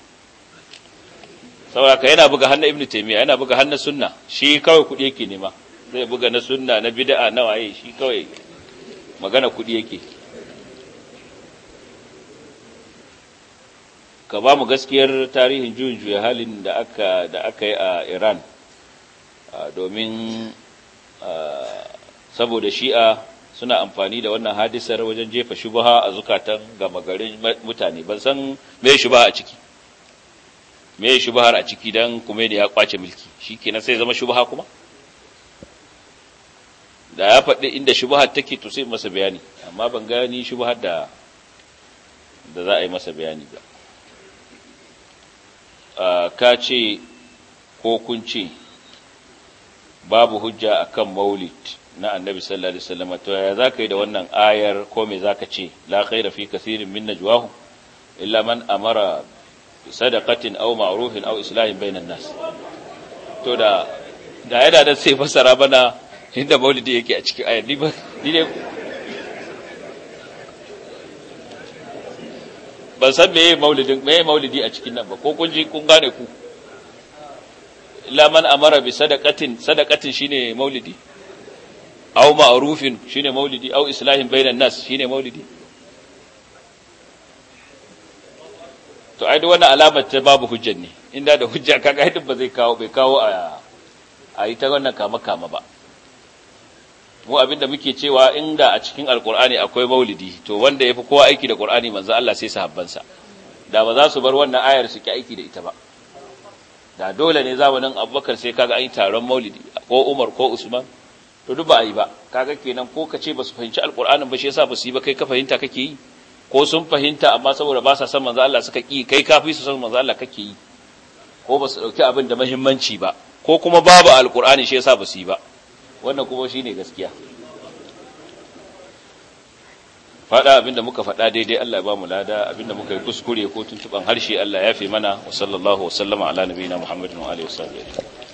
saboda yana buga hannun ibnu taymiya yana buga hannun sunna shi kawai kudi yake nema zai buga na sunna na bid'a na waye shi kawai magana kudi yake ka ba mu gaskiyar tarihin juyin halin da aka da aka yi a Iran domin saboda shi'a suna amfani da wannan hadisar wajen jefa shubaha a zukatan gama garin mutane ban san me shubaha a ciki me shubahar a ciki dan kuma da ya kwace mulki shikenan sai zama shubaha kuma da ya faɗi inda shubahar take to sai masa bayani amma ban gani shubahar da da za a yi masa bayani ba Ah, ka ce ko kun ce babu hujja a kan maulid na annabi sallallahu alaihi wasallam to ya zaka yi da wannan ayar ko me zaka ce la khaira fi kathirin min najwahu illa man amara sadaqatin aw ma'rufin aw islahin bainan nas to da da yana da sai fasara bana inda maulidi yake a cikin ayar ni ne ban san me maulidin me maulidi a cikin nan ba ko kun ji kun gane ku laman amara bi sadaqatin sadaqatin shine maulidi aw ma'rufin shine maulidi aw islahin bainan nas shine maulidi to ai duk wannan alamar ta babu hujjar ne inda da hujja kaga idan ba zai kawo bai kawo a a ta wannan kama kama ba mu abinda muke cewa inda a cikin alkur'ani akwai maulidi to wanda ya fi kowa aiki da kurani manzo Allah sai sahabbansa da ba za su bar wannan ayar su ki aiki da ita ba da dole ne zamanin Abubakar sai kaga an yi taron maulidi ko Umar ko Usman to duk ba a yi ba kaga kenan ko ka ce ba su fahimci alkur'anin ba shi yasa ba su yi ba kai ka fahimta kake yi ko sun fahimta amma saboda ba sa san manzo Allah suka ki kai ka kafi su san manzo Allah kake yi ko ba su dauki abin da muhimmanci ba ko kuma babu alkur'ani shi yasa ba su yi ba wannan kuma shine gaskiya faɗa abinda muka faɗa daidai Allah ya ba mu lada abinda muka yi kuskure ko tuntuban harshe Allah ya fi mana wa wa sallama ala nabiyina Muhammadin wa wa